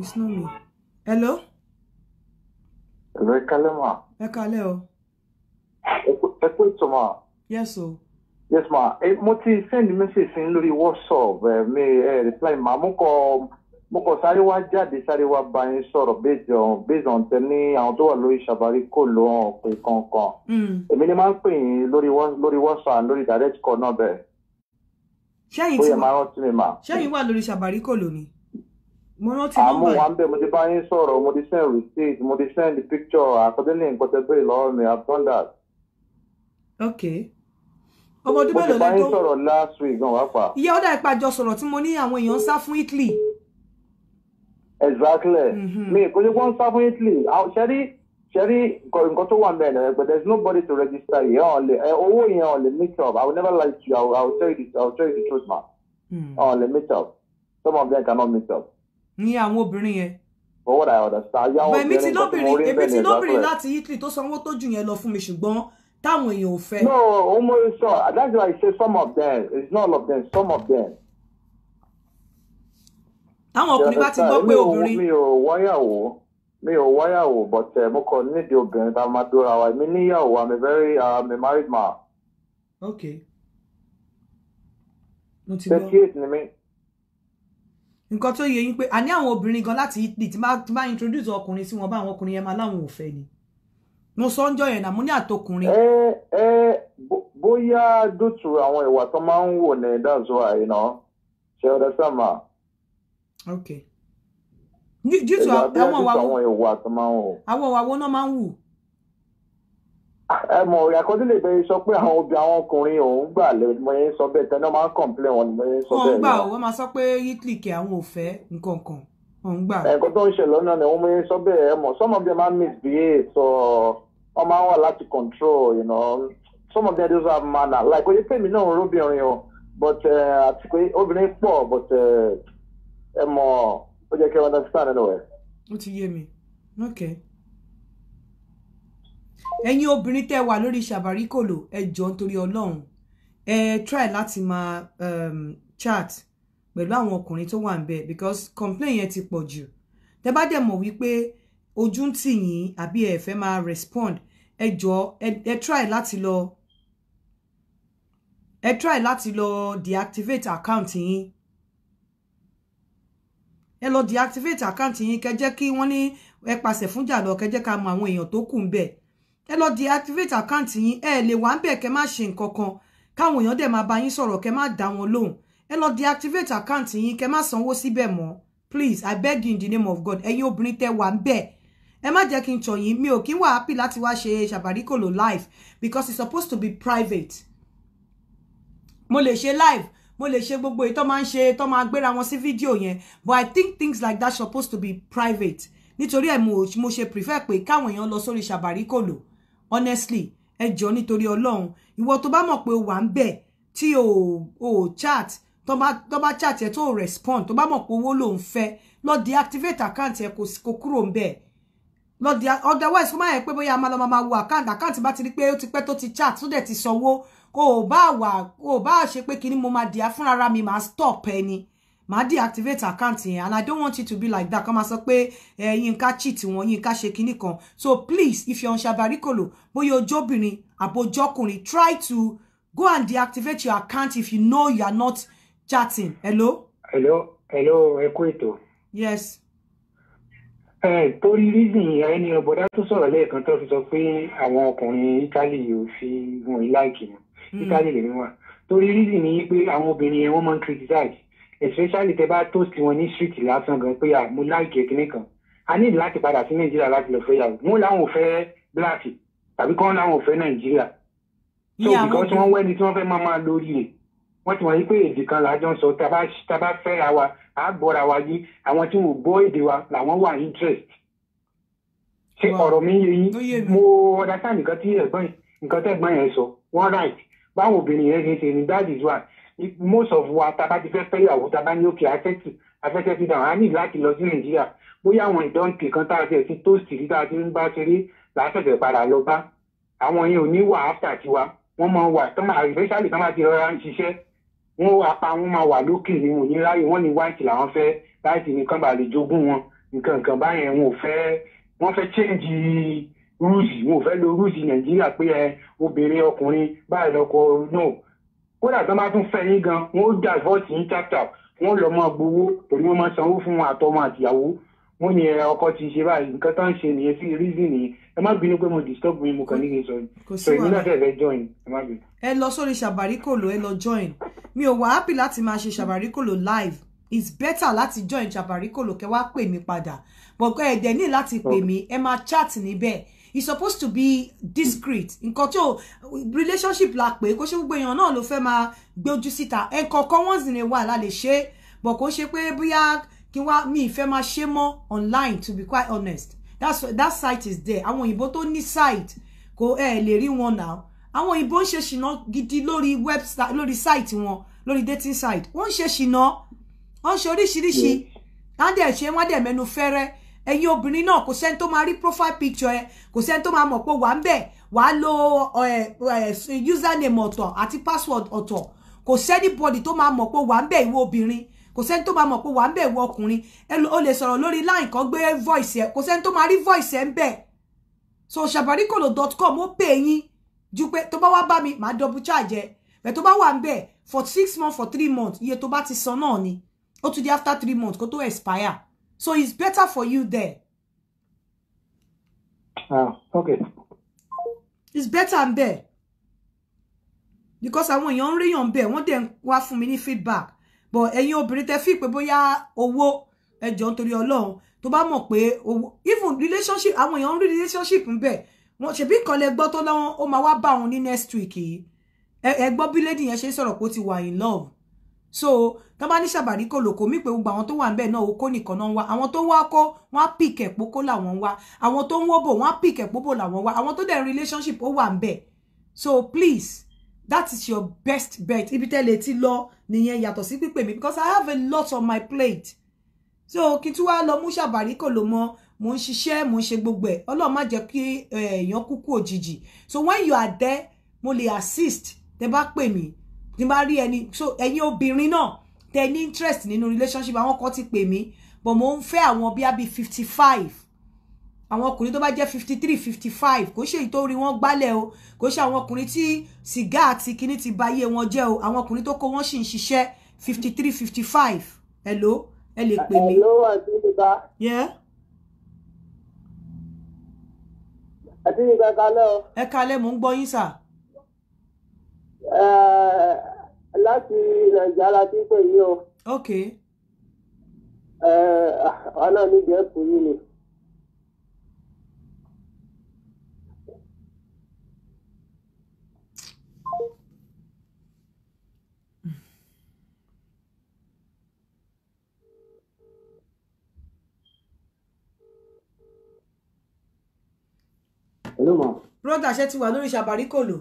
It's not me. Hello? Hello, ẹ kálẹ́ ma. Ẹ o. Ẹ kú ma. Yes o. Yes ma. Ẹ mo ti send message sí lórí WhatsApp ẹ mi ẹ reply ma. moko, moko. mo kọ sáré wá jáde sáré wá bá based on based on tẹ ní àwọn shabari kolo. lórí ṣàbárí kò ló hàn pé kankan. Hmm. Èmi ni máa ń pè yín lórí lórí WhatsApp lórí direct call náà bẹ́ẹ̀. Ṣẹ́yìn tí wọ́n ṣẹ́yìn wà lórí ṣàbárí kò lónìí mo rántí nọ́mbà yìí. àmú wa ń bẹ̀ mo ti bá yín sọ̀rọ̀ mo ti send receipt mo ti send picture àkọsílẹ̀ nǹkan tẹ́ bẹ́ẹ̀ mi I've done that. okay ọmọ ọdún mélòó mo ti bá yín sọ̀rọ̀ last week gan wá pa. iye ọ̀dà ìpàjọ sọ̀rọ̀ tí mo ní àwọn èèyàn ń sá fún Italy. exactly mhm. mi kò ní wọ́n ń sá fún Italy ṣẹ́rí ṣẹ́rí nǹkan tó wà ń bẹ̀rẹ̀ rẹ̀ but there is nobody to register yẹn ọ̀ lè owó yẹn ọ̀ lè meet up I will never lie to you I will, I you I will tell you the truth ma ọ̀ hmm. lè meet up some of them cannot meet up ní àwọn obìnrin yẹn. but what I understand yàwó obìnrin èmi ti lóbìnrin èmi ti lóbìnrin láti Italy tó sanwó tó jù yẹn lọ fún mi ṣùgbọ́n táwọn èèyàn ò fẹ́. no omo sọ that's why I say some of them it's not all of them some of them. táwọn ọkùnrin bá ti gbọ́ pé obìnrin. mi ò wáyàwó mi ò wáyàwó but eh, mo kàn nídìí obìnrin tá a máa dóra wa èmi níyàwó i'm a very i'm um, a married man. okay. mo ti gbọ́. thirty eight ni mi nǹkan tó yẹ yín pé a ní àwọn obìnrin gan láti Italy tí máa introduce ọkùnrin sí wọn bá àwọn ọkùnrin yẹn máa láwọn ò ni mo sọ ń jọ yẹn náà mo ní àtọkùnrin. ẹ ẹ bóyá dùtù àwọn ìwà tó máa ń wò ní dáàzó àìná ṣe ọdẹ sàmà. ok dùtù àwọn ìwà wo àwọn ìwà wo náà máa ń wù. ẹ mọ àkọsílẹ̀ ìbẹ̀rẹ̀ sọ pé àwọn obi àwọn ọkùnrin òun gbà lè mọ yẹn sọ bẹ́ẹ̀ tẹ́lẹ̀ máa ń kọ̀ǹpilẹ̀ wọn ni mo yẹn sọ bẹ́ẹ̀. wọ́n gbà wọ́n máa sọ pé yíklìkì àwọn ò nkankan nǹkan kan wọ́n gbà. ẹ̀kọ́ tó ń ṣẹlẹ̀ náà ni wọ́n mọ yẹn sọ bẹ́ẹ̀ ẹ mọ̀ some of them are misbehave so wọ́n máa wà láti control you know some of them just have manner like oye pèmí náà ń róbìnrin o but àti pé obìnrin pọ̀ but ẹ ó jẹ́ kí wọ́n ti ẹ̀yin obìnrin tẹ́ wà lórí ṣàbàríkòlò ẹ jọ nítorí ọlọ́run ẹ try láti máa um, chat pẹ̀lú àwọn ọkùnrin tó wà ń bẹ̀ because complain yẹn ti pọ̀ jù tẹ́ bá dẹ̀ mọ̀ wípé ojú ń tì yín àbí ẹ fẹ́ máa respond ẹ jọ ẹ try láti lọ ẹ try láti lọ deactivate account yín ẹ lọ deactivate account yín kẹ́ jẹ́ kí wọ́n ní ẹ pàṣẹ fún jàlọ kẹ́ jẹ́ ká mọ̀ àwọn èèyàn tó kù ń bẹ̀ ẹ lọ deactivate account yin ẹ lè wà ń bẹ̀ kẹ́ má ṣe nǹkan kan káwọn èèyàn dẹ̀ máa bá yín sọ̀rọ̀ kẹ́ má dá wọn lóhùn ẹ deactivate account yin kẹ́ má sanwó síbẹ̀ mọ́ please i beg you in the name of god ẹ̀yin obìnrin tẹ́ wà ń bẹ̀ ẹ má jẹ́ kí n mi ò kí ń wà happy láti wá ṣe ṣàbàríkòlò live because it's supposed to be private mo lè ṣe live mo lè ṣe gbogbo ìtọ́ máa ń ṣe ìtọ́ máa gbéra wọn sí fídíò yẹn but i think things like that supposed to be private nítorí ẹ̀ mo ṣe prefer pé káwọn èèyàn lọ sórí ṣàbàríkòlò honestly ẹ jọ nítorí Ọlọ́run ìwọ to bá mọ̀ pé o wà ń bẹ̀ tí o o chat tó bá tó bá chat ẹ tó respond tó bá mọ̀ pé owó ló ń fẹ́ lọ deactivate account ẹ kò kò kúrò ń bẹ̀ lọ di otherwise kó má yẹ pé bóyá a máa lọ máa wo account account bá ti rí pé ó ti pẹ́ tó ti chat tó dẹ̀ ti sanwó kò bá wà kò bá ṣe pé kí ni mo máa dìá fúnra mi máa stop ẹni. Eh, màá deactivate account yẹn and i don't want it to be like that kọ́ máa sọ pé Yínká cheat wọn Yínká ṣe kinní kan so please if you're on ṣabarikolo bóyá ojóbìnrin àbójọkùnrin try to go and deactivate your account if you know you are not chatting hello. hello hello ẹ kú ètò. yes. ẹ torí reason ẹni ọ̀bọ̀dá tó sọ̀rọ̀ lẹ́ẹ̀kan tó fi sọ pé àwọn ọkùnrin Italy ò fi wọn láìkì wọn Italy lè wà torí reason ni pé àwọn obìnrin yẹn wọ́n criticize especially tẹ bá toast wọn ní street lásán gan pé mo láìkè kínní kan a ní láti padà sí nàìjíríà láti lọ fẹ́ yàwó wọn làwọn ò fẹ́ black tàbí kán làwọn ò fẹ́ nàìjíríà so because tí wọ́n wẹ́ni tí wọ́n fẹ́ máa máa lórí rẹ̀ wọ́n ti wọ́n yí pé èdè kan làjọ ń sọ tá a bá fẹ́ra wa a gbọ́ra wa yí àwọn tí wọ́n gbọ́ èdè wa làwọn wà interest ṣe ọ̀rọ̀ mi yé yín mo understand nǹkan tí ẹ̀gbọ́n nǹkan tẹ̀gbọ́n yẹn sọ wọ́n right báwọn obìnrin yẹn ṣe ṣe ni that is why most of wa tá a bá ti fẹ́ fẹ́yàwó tá a bá ní òkè afẹ́tì afẹ́tẹ́ ti dàn á ní láti lọ sí nàìjíríà bóyá àwọn ìdọ́ǹkì kan tá a ti ẹ̀sìn tó sì rí tá a ti ń bá ṣeré làásẹ̀sẹ̀ padà lọ bá àwọn yẹn ò ní wà áfà tiwa wọ́n máa wà tán máa especially tán máa ti rọra ń ṣiṣẹ́ wọ́n apá wọn máa wà lókè ni wọn ò ní ráyè wọ́n ní wáìtì làwọn fẹ́ láìsí nìkan bá lè jogún wọn nǹkan nǹkan báyẹn wọn ò fẹ́ wọ́n fẹ́ change rúùsì wọn ò fẹ́ lo rúùsì nàìjíríà pé ẹ obìnrin ọkùnrin báyìí lọkọ náà kódà tó bá tún fẹ́ yín gan wọn ó dà vọ́ọ̀tì yín tap-tap wọn lọ máa gbowó torí wọn máa sanwó fún àtọmọ àtìyàwó wọn ní ẹ ọkọ ti ṣe báyìí nǹkan tó ń ṣe nìyẹn sí reason nìyẹn ẹ má bínú pé mo disturb mi mo kàn ní kí n sọ yìí so èmi náà fẹ́ fẹ́ join ẹ má bínú. ẹ lọ sórí ṣàbàríkòlò ẹ lọ join mi ò wá happy láti máa ṣe ṣàbàríkòlò live it's better láti join ṣàbàríkòlò kẹ wá pè mí padà bọ̀gọ́ ẹ̀dẹ̀ ní láti pè mí ẹ máa chat níbẹ̀ it's supposed to be discreet nǹkan tí o relationship la pè kó ṣe gbogbo èèyàn náà ló fẹ́ máa gbé ojú síta ẹ̀kọ̀ọ̀kan once in a while la lè ṣe é but kò ṣe pé bóyá kí wá mi ìfẹ́ máa ṣe mọ́ online to be quite honest that's that site is there àwọn òyìnbó tó ní site kò ẹ lè rí wọn náà àwọn òyìnbó ń ṣe ṣìnà gidi lórí website lórí site wọn lórí dating site wọ́n ń ṣe ṣìnà wọ́n ń ṣe oríṣiríṣi wọ́n á dẹ̀ ṣe wọ́n á dẹ̀ mẹ́nu fẹ́rẹ́ ẹ̀yin obìnrin náà kò sẹ́ni tó máa rí profile picture ẹ kò sẹ́ni tó máa mọ̀ pé wà ń bẹ̀ wàá lo eh, eh, username ọ̀tọ̀ àti password ọ̀tọ̀ kò sẹ́ni bọ́dì tó máa mọ̀ pé wà ń bẹ̀ ìwọ obìnrin kò sẹ́ni tó máa mọ̀ pé wà ń bẹ̀ ìwọ ọkùnrin o lè sọ̀rọ̀ lórí line kan gbé voice ẹ kò sẹ́ni tó máa rí voice ẹ ń bẹ̀ so sabarikolo.com ó pè yín ju pé tó bá wá bá mi màá double charge ẹ bẹ́ẹ̀ tó bá wà ń bẹ̀ for six months for three months iye tó bá ti san náà ni ó tún di after three months kó tó expire So it's better for you there. Ah, okay. It's better ń there Because àwọn èèyàn ń réyàn ń bẹ, wọ́n dẹ̀ ń wá fún mi ní feedback. But ẹ̀yin obìnrin tẹ́ fi pé bóyá owó ẹjọ́ nítorí Ọlọ́run tó bá mọ̀ pé owó even relationship I want ń rí relationship ń there. Want she be kan but gbọ́ oh my ó máa wá bá next week yìí. Ẹ gbọ́ lady yẹn ṣe sọ̀rọ̀ pé ó ti wà in love so tán bá ní ṣàbàrí kò lòkó mí pé gbogbo àwọn tó wà ń bẹ̀ náà okó nìkan náà ń wá àwọn tó wá kó wọ́n á pick ẹ̀pó làwọn ń wá àwọn tó ń wọ́bò wọ́n á pick ẹ̀pó làwọn ń wá àwọn tó dẹ̀ relationship ó wà ń bẹ̀ so please that is your best bet ibi tẹ́lẹ̀ ti lọ nìyẹn yàtọ̀ sí pípè mi because I have a lot on my plate so kí tí wàá lọ mú ṣàbàrí kò lò mọ́ mo ń ṣiṣẹ́ mo ń ṣe gbogbo ẹ̀ ọlọ́run má jẹ́ kí eh, èèyàn kúkú òjijì so when you are there mo lè assist tẹ́ bá pè mí tí n bá rí so ẹ̀yin obìnrin náà tẹ ní interest nínú relationship àwọn kan ti pè mí but mo ń fẹ́ àwọn bíi àbí fifty five àwọn ọkùnrin tó bá jẹ́ fifty three fifty five kò ṣe èyí tó rí wọn gbálẹ̀ o kò ṣe àwọn ọkùnrin tí sìgá àti kinní ti ba ayé wọn jẹ́ o àwọn ọkùnrin to kó wọn sì ń ṣiṣẹ́ fifty three fifty five hello ẹ lè pè mí. hello àti ìgbà. àti ìgbà kalẹ́ o. ẹ kalẹ́ mò ń gbọ́ yín sà láti nàìjíríà láti pè yí o. ok. ọ̀nà mi jẹ́ kùrú ni. Hello, ma. Brother, ṣé ti wà lórí ṣàbárí kò lò?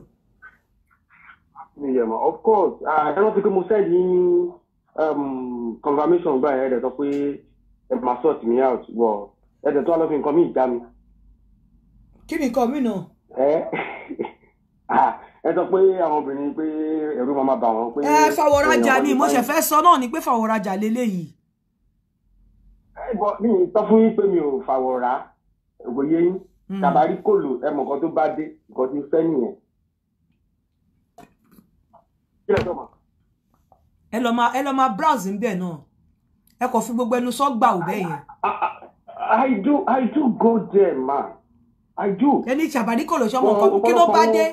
mi of course ẹ rántí pé mo send yín confirmation gba ẹ̀ ẹ̀dẹ̀ sọ pé ẹ máa sort me out wọ ẹ̀dẹ̀ tó wà lọ́fìn nǹkan mi ìjà mi. kí ni nǹkan mi náà. ẹ ẹ sọ pé àwọn obìnrin pé ẹ̀rù máa bà wọ́n pé. ẹ eh, fàwọ̀rajà ni mo ṣe fẹ́ sọ náà ni pé fàwọ̀rajà lélẹ́yìí. ẹ eh, bọ mi sọ fún yín pé mi ò fàwọ̀rà ògbóyé yín hmm. tàbárí kòlò ẹ mọ̀ nǹkan tó bá dé nǹkan tí fẹ́ nìyẹn ẹ lọ máa ẹ lọ máa browse níbẹ̀ náà ẹ kò fi gbogbo ẹnu sọ gbà ò bẹ́ẹ̀ yẹn. I do I do go there ma I do. ẹni ṣàbàdí kò lọ sọmọ nǹkan kí ló bá dé.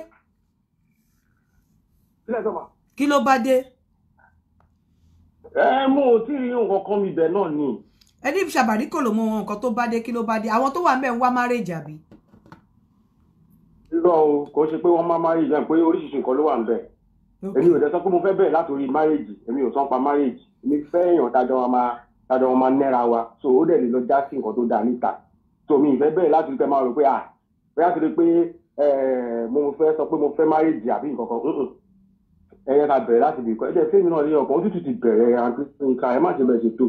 kí ló bá dé. ẹ mú o tí ì yún kankan mi bẹ̀ náà ni. ẹni ṣàbàdí kò lọ mọ nǹkan tó bá dé kí ló bá dé àwọn tó wà ń bẹ̀ ń wá márèjì àbí. irọ́ o kò ṣe pé wọ́n máa máa rí ìjà pé oríṣiríṣi nǹkan ló wà ń bẹ̀ èmi ò dẹ sọ pé mo fẹ́ bẹ̀rẹ̀ látòrí márèèjì èmi ò sọ pa márèèjì èmi fẹ́ tájọ wọn máa tájọ wọn máa nẹ́ra wa so ó dẹ̀ lè lọ já sí nǹkan tó dáa níta so mi ìfẹ́ bẹ̀rẹ̀ láti rí pé máa rò pé ah bóyá ti rí pé mo fẹ́ sọ pé mo fẹ́ márèèjì àbí nǹkan kan ẹ̀yẹ ká bẹ̀rẹ̀ láti bì kọ́ ẹ̀ dẹ̀ fẹ́mi náà ní ọkàn òtútù ti bẹ̀rẹ̀ àti nǹkan ẹ̀ má ti bẹ̀rẹ̀ ṣètò.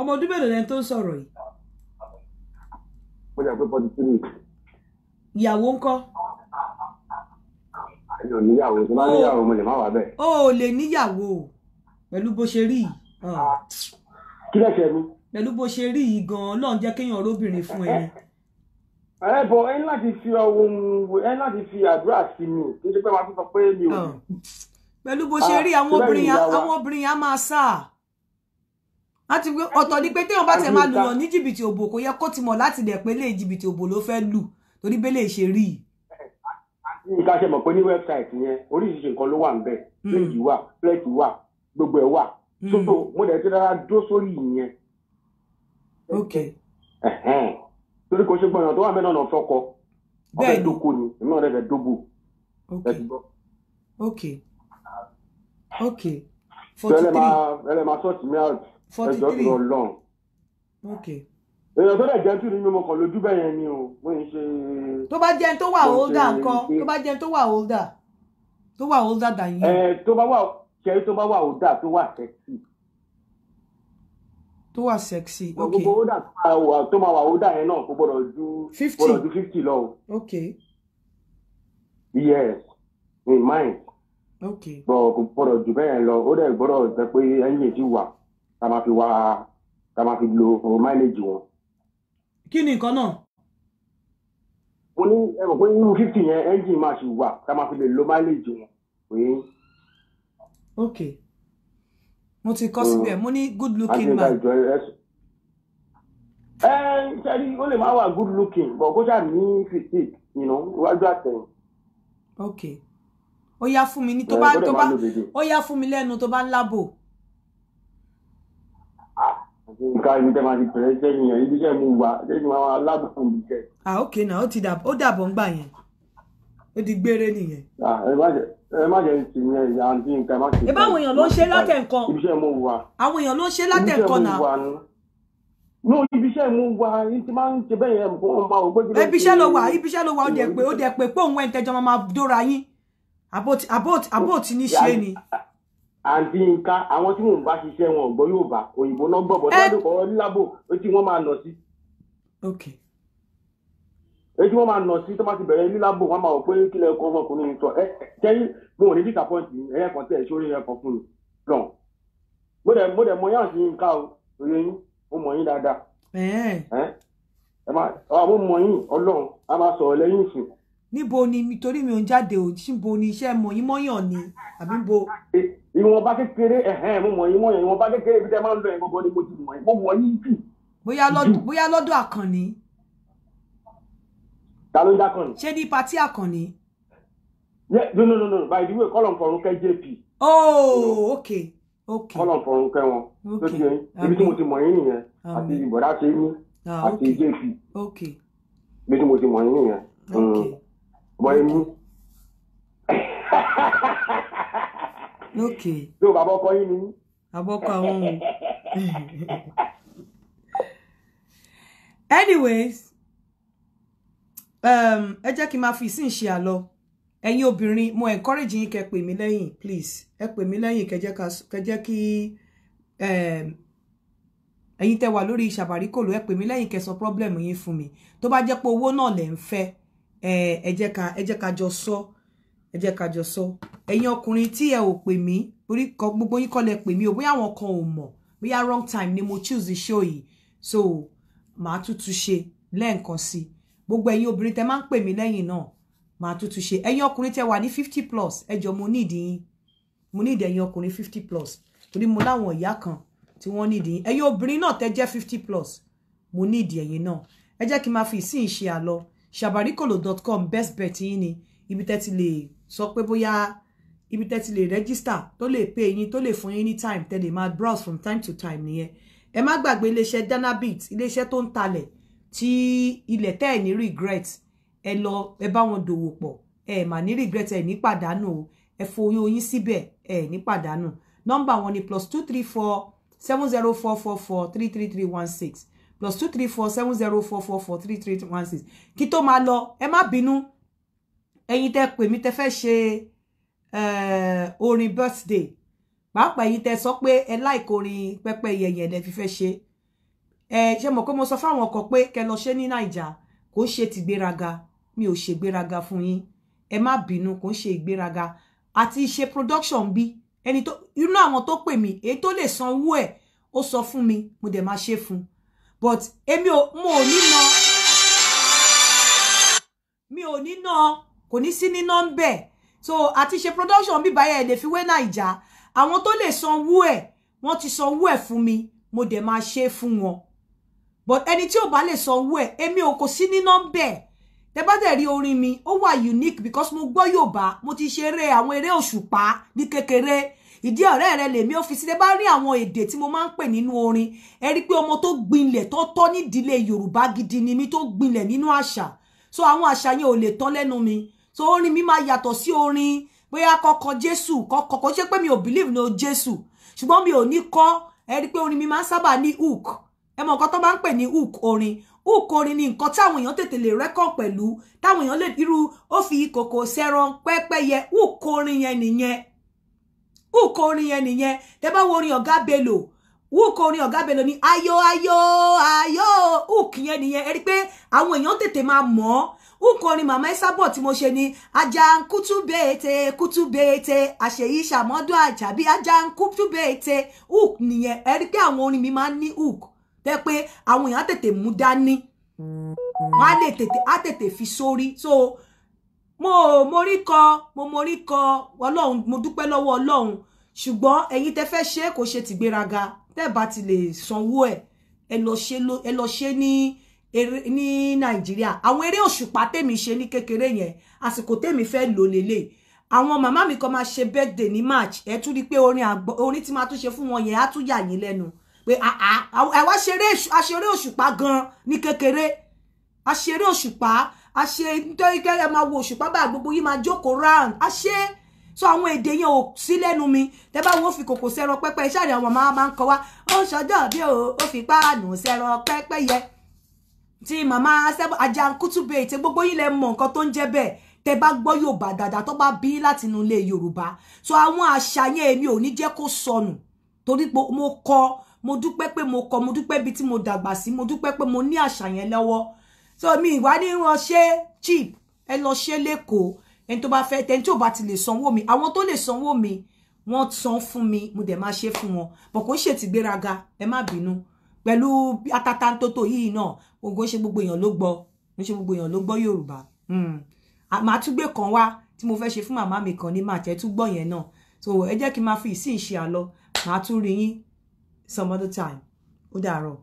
ọmọ ọdún mélòó lẹni tó ń sọ̀rọ̀ yìí. mo jà pé forty three. ìyàwó ńkọ́ mi ò níyàwó tó bá níyàwó mo lè má wà bẹ́ẹ̀. o ò lè níyàwó pẹ̀lú bó ṣe rí yìí. Ah. kí lè ṣe mí. pẹ̀lú bó ṣe rí yìí gan-an Ọlọ́run jẹ́ kéèyàn róbìnrin fún ẹni. ẹ bọ ẹ ní láti fi ohun ẹ ní láti fi àdúrà sí mi kí n ṣe pé wàá tún sọ pé mi ò. pẹ̀lú bó ṣe ah, rí àwọn obìnrin yẹn á máa sá àti pé ọ̀tọ̀ ni pé téèyàn bá tẹ̀ máa lùyàn ní jìbìtì òbò kò yẹ kó ti mọ̀ láti dẹ̀ pé lè jìbìtì òbò ló fẹ́ lù torí bẹ́ẹ̀ lè ṣe rí i nǹkan ṣe mọ̀ pé ní wẹ́bsáìtì yẹn oríṣiríṣi nǹkan ló wà níbẹ̀ péjì hmm. wà plẹ̀tì wà gbogbo ẹ̀ wà tótó hmm. mo dẹ̀ ti rárá dó sórí ìyẹn. torí kò ṣe gbọ́n ọ̀nà tó wà mẹ́rin ọ̀nà fọ́kọ ọ̀fẹ́ dóko ni èmi ọ̀rẹ́ rẹ̀ dóbo. ok ok forty three ẹlẹ́mà sọ́ọ̀tì mi out ẹjọ́ tó lọ lọ́run èèyàn tó dẹ̀ jẹ́ tù nínú mọ̀kàn lójú bẹ́ẹ̀ yẹn ni o mo ń ṣe. tó bá jẹ́ tó wà older nǹkan tó bá jẹ́ tó wà older tó wà older than you. ẹ eh, tó bá wà ṣẹ́rí tó bá wà older tó wà sexy. tó wà sexy ok. gbogbo older tó máa wà older yẹn náà kò gbọdọ̀ ju gbọdọ̀ ju fifty lọ o. ok. yes in mind. ok. bọ̀ kò gbọdọ̀ ju bẹ́ẹ̀ lọ ó dẹ̀ gbọdọ̀ jẹ́ pé ẹ̀yìn ti wà tá máa fi wà tá máa fi lo mileage wọn kí ni nǹkan náà. mo ní ẹ mọ̀ pé nínú fífi yẹn ẹ́ńjìn máa ṣì wà ká máa fi lè lo máìlèjì wọn pé. ok mo ti kọ́ síbẹ̀ mo ní good looking man. ẹ ẹ sẹ́ni ó lè máa wà good looking but kó ṣáà ní fìtì iwájú àtẹ̀yìn. ok ó yá fún mi ní tó bá tó bá ó yá fún mi lẹ́nu tó bá ń lábò. Ah, ìdíjẹ́ máa ti bẹ̀rẹ̀ iṣẹ́ yìnyín ìdíjẹ́ mu wà ṣẹ́yìn máa wà ládùúgbò mi jẹ́. à ok na ó ti dàbọ̀ ó dàbọ̀ ń gbà yẹn ó di gbére nìyẹn. ẹ má jẹ́ ìsìn yẹn ìyá àǹtí nǹkan má ṣe. ìbá àwọn èèyàn ló ń ṣe látẹ̀ nǹkan ibiṣẹ́ mu wà. àwọn èèyàn ló ń ṣe látẹ̀ nǹkan náà. o ibiṣẹ́ mu wà ti máa ń ṣe bẹ́ẹ̀ yẹn fún ọmọ ògbójú. ibiṣẹ́ ló wà ibiṣẹ́ ló wà ó dẹ̀ pé ó dẹ̀ pé pé òun ẹ̀ ń tẹjọ́ máa dóra yín àbótí ní ṣe ni àǹtí nǹka àwọn tí mò ń bá ṣiṣẹ́ wọn ò gbọ́ yóò bá òyìnbó náà gbọ́ bọ́tí wọ́n kọ́ lábò etí wọ́n máa nà sí. etí wọ́n máa nà sí tó bá ti bẹ̀rẹ̀ lílábò wọ́n máa wọ̀ pé kílẹ̀ ẹ̀kọ́ ọmọkùnrin mi sọ ẹ tẹ́yìn mo ò ní disappoint ẹ̀yẹ kan tẹ̀ sórí ẹ̀kọ́ fún mi lọ́n. mo dẹ̀ mo dẹ̀ mọ yáǹtí nǹka o òye yín mo mọ̀ yín dáadáa. àwọn mọ̀ yín ọlọ́run a máa sọ̀rọ̀ lẹ́yìn ìsìn níbo ni torí mi ò ń jáde ò níbo ni iṣẹ́ mọ̀ yín mọ́yàn ni àbí bo ìwọ̀nba kékeré ẹ̀hẹ́n mo mọ̀ yín mọ̀ yẹn ìwọ̀nba kékeré ibi tẹ́ máa ń lọ yẹn gbọ́gbọ́ ni mo ti mọ̀ yín mo mọ̀ yín jù. bóyá lọ́dọ̀ àkànní. ta ló ń dákànnì. ṣé ní patí àkànní. no no no no by the way kọ́lọ̀ fọ̀rùn kẹ́ jp. ooo oh, ok ok. kọ́lọ̀ fọ̀rùn kẹ́ wọn lójú yẹn ibi tí mo ti mọ̀ yín nìyẹn àti ìbọ̀dá ṣe mí ah, àti jp. ok. ibi tí mo ti mọ̀ yín nìyẹn. ok. Mm. bọ́ ok tó bàbá ọkọ yín ni. àbọ̀kọ àwọn anyways um, ẹ jẹ́ kí n máa fi sí ìṣe ẹ̀yin obìnrin mo encourage yín kẹ́ pè mí lẹ́yìn please ẹ pè mí lẹ́yìn kẹ́ kí um, ẹ̀yin wà problem yín fún mi tó bá jẹ́ pé owó náà ń fẹ́ ẹ sọ. ẹ̀yin ọkùnrin tí ẹ ò pè mí orí kan gbogbo yín kọ́ lẹ pè mí o bóyá àwọn kan ò mọ̀ bóyá wrong time ni mo choose show yìí so màá tútù ṣe lẹ́ẹ̀kan sí gbogbo ẹ̀yin obìnrin tẹ máa ń pè mí lẹ́yìn náà màá tútù ṣe ẹ̀yin ọkùnrin tẹ wà ní fifty plus ẹjọ mo ní ìdíyín mo ní ìdí ẹ̀yin ọkùnrin fifty plus torí mo láwọn ìyá kan tí wọ́n ní ìdíyín ẹ̀yin obìnrin náà tẹ jẹ́ fifty plus mo ní ìdí ẹ̀yin náà ẹ jẹ́ kí n máa fi ìsìn ṣe àlọ sabarikolo dot com best bet yín ni ibi tẹ́ ti lè sọ pé bóyá ibi tẹ́ ti lè rẹ́gísítà tó lè pè yín tó lè fún yín time tẹ́ lè máa browse from time to time nìyẹn ẹ má gbàgbé iléeṣẹ́ danabit iléeṣẹ́ tó ń talẹ̀ tí ilẹ̀ tẹ́ ẹ̀ ní regret ẹ lọ ẹ bá wọn dòwò pọ̀ ẹ mà ní regret ẹ ní pàdánù o ẹ foyín oyin síbẹ̀ ẹ ní pàdánù nọ́mbà wọn ni plus two three four seven zero four four four three three three one six plus two three four seven zero four four four three three one six kí tó máa lọ ẹ má bínú ẹ̀yin tẹ́ pè mí tẹ́ fẹ́ ṣe Eh, orin birthday pàápàá èyí tẹ sọ pé ẹ láìkò orin pẹpẹ yẹyẹ lẹ fi fẹ́ ṣe ẹ eh, ṣe mọ̀ pé mo sọ fáwọn ọkọ pé kẹ lọ ṣe ní nàìjà kò ṣe ti gbéraga mi ò ṣe gbéraga fún yín ẹ má bínú kò ṣe ìgbéraga àti ṣe production bí ẹni tó inú àwọn tó pè mí èyí tó lè sanwó ẹ ó sọ fún mi mo dẹ̀ máa ṣe fún but èmi ò mo ò ní na mi ò ní na kò ní sí níná ń so ati ṣe production bí báyẹ̀ lè fi wé naija àwọn tó lè sanwó ẹ̀ wọ́n ti sanwó ẹ̀ fún mi mo dẹ̀ máa ṣe fún wọn but ẹni tí ò bá lè sanwó ẹ̀ emi o kò sí ní nọ́mbẹ̀ tẹ bá dẹ̀ rí orin mi ó wà unique because mo gbọ́ Yorùbá mo ti ṣeré àwọn eré òṣùpá ní kékeré ìdí ọ̀rẹ́ rẹ re le mi sí tẹ bá rí àwọn èdè tí mo máa ń pè nínú orin ẹ rí pé ọmọ tó gbinlẹ̀ tó tọ́ nídìílé Yorùbá gidi ni mi tó gbinlẹ̀ nínú àṣà so àwọn àṣà yẹn o le tán lẹ́nu mi so orin mi máa yàtọ̀ sí orin bóyá kọ́kọ́ jésù kọ́kọ́ kò ṣe pé mi ò believe ní o jésù ṣùgbọ́n mi ò ní kọ́ ẹ rí i pé orin mi máa ń sábà ní hook ẹ mọ̀ nǹkan tó máa ń pè ní hook orin hook orin ni nǹkan táwọn èèyàn tètè lè rẹ́kọ̀ pẹ̀lú táwọn èèyàn lè irú ó fi kòkò sẹ́ran pẹ́pẹ́yẹ hook orin yẹn nìyẹn hook orin yẹn nìyẹn tẹ́ bá wo orin ọ̀gá belò hook orin ọ̀gá belò ni ayo ayo ayo, hook yẹn nìyẹn ẹ rí i pé àwọn èèyàn tètè máa mọ̀ ọ́ nkọrin mama Esabod tí mo ṣe ni ajankutubeete kutubeete àṣeyíṣàmọ́dún àjàbí ajankutubeete hook nìyẹn ẹ rí pé àwọn orin mi máa ni uk, hook tẹ pé àwọn èèyàn tètè mú dání wọn á lè tètè fi sórí so mo morí kọ mo morí kọ ọlọ́run mo dúpẹ́ lọ́wọ́ ọlọ́run ṣùgbọ́n ẹ̀yin tẹ fẹ́ ṣe kò ṣe tìgbéraga tẹ́ bá ti lè sanwó ẹ̀ ẹ lọ ṣe ní ní nàìjíríà àwọn eré òṣùpá tèmi ṣe ní kékeré yẹn àsìkò tèmi fẹ́ lò lélẹ̀ àwọn màmá mi kan máa ṣe birthday ní march ẹ tún rí i pé orin àgbọ orin tí máa tún ṣe fún wọn yẹn á tún yà yín lẹ́nu pé àwa ṣeré òṣùpá gan ní kékeré àṣeré òṣùpá àṣe nítorí kẹrẹ máa wo òṣùpá bá gbogbo yìí máa jókòó round àṣe so àwọn èdè yẹn ò sí lẹ́nu mi tẹ́ bá wọn fi kòkò sẹ́rọ pẹ́pẹ́ iṣẹ́ àdìyàwó máa máa ń kọ wá ó ń ṣọjọ́ bí o ó fi páànù sẹ́rọ pẹ́pẹ́ yẹ ti màmá Ajankutube ètè gbogbo yìí lẹ mọ nǹkan tó ń jẹ́ bẹ́ẹ̀ tẹ bá gbọ́ Yorùbá dáadáa tó bá bí láti inú ilé Yorùbá so àwọn àṣà yẹn èmi ò ní jẹ́ kó sọnù torí pé mo kọ́ mo dúpẹ́ pé mo kọ́ mo dúpẹ́ bí tí mo dàgbà sí mo dúpẹ́ pé mo ní àṣà yẹn so mi ìwà ní wọn ṣe cheap ẹ lọ ṣe lẹ́kọ̀ọ́ ẹni tó bá fẹ́ tẹni tí ò bá ti lè sanwó mi àwọn tó lè sanwó mi wọ́n san fún mi mo dẹ̀ máa ṣe fún wọn bọ̀ kò ń ṣètìgbéraga ẹ má bínú pẹ̀lú atatantoto yìí náà ògo ṣe gbogbo èèyàn ló gbọ́ ń ṣe gbogbo èèyàn ló gbọ́ yorùbá hmm. màá tún gbé kan wá tí mo fẹ́ ṣe fún màmá mi kan ní màá tẹ́ tún gbọ́ yẹn náà so ẹ jẹ́ kí n máa fi ìsìn ìṣe àlọ màá tún rí yín some other time ó dàárọ̀.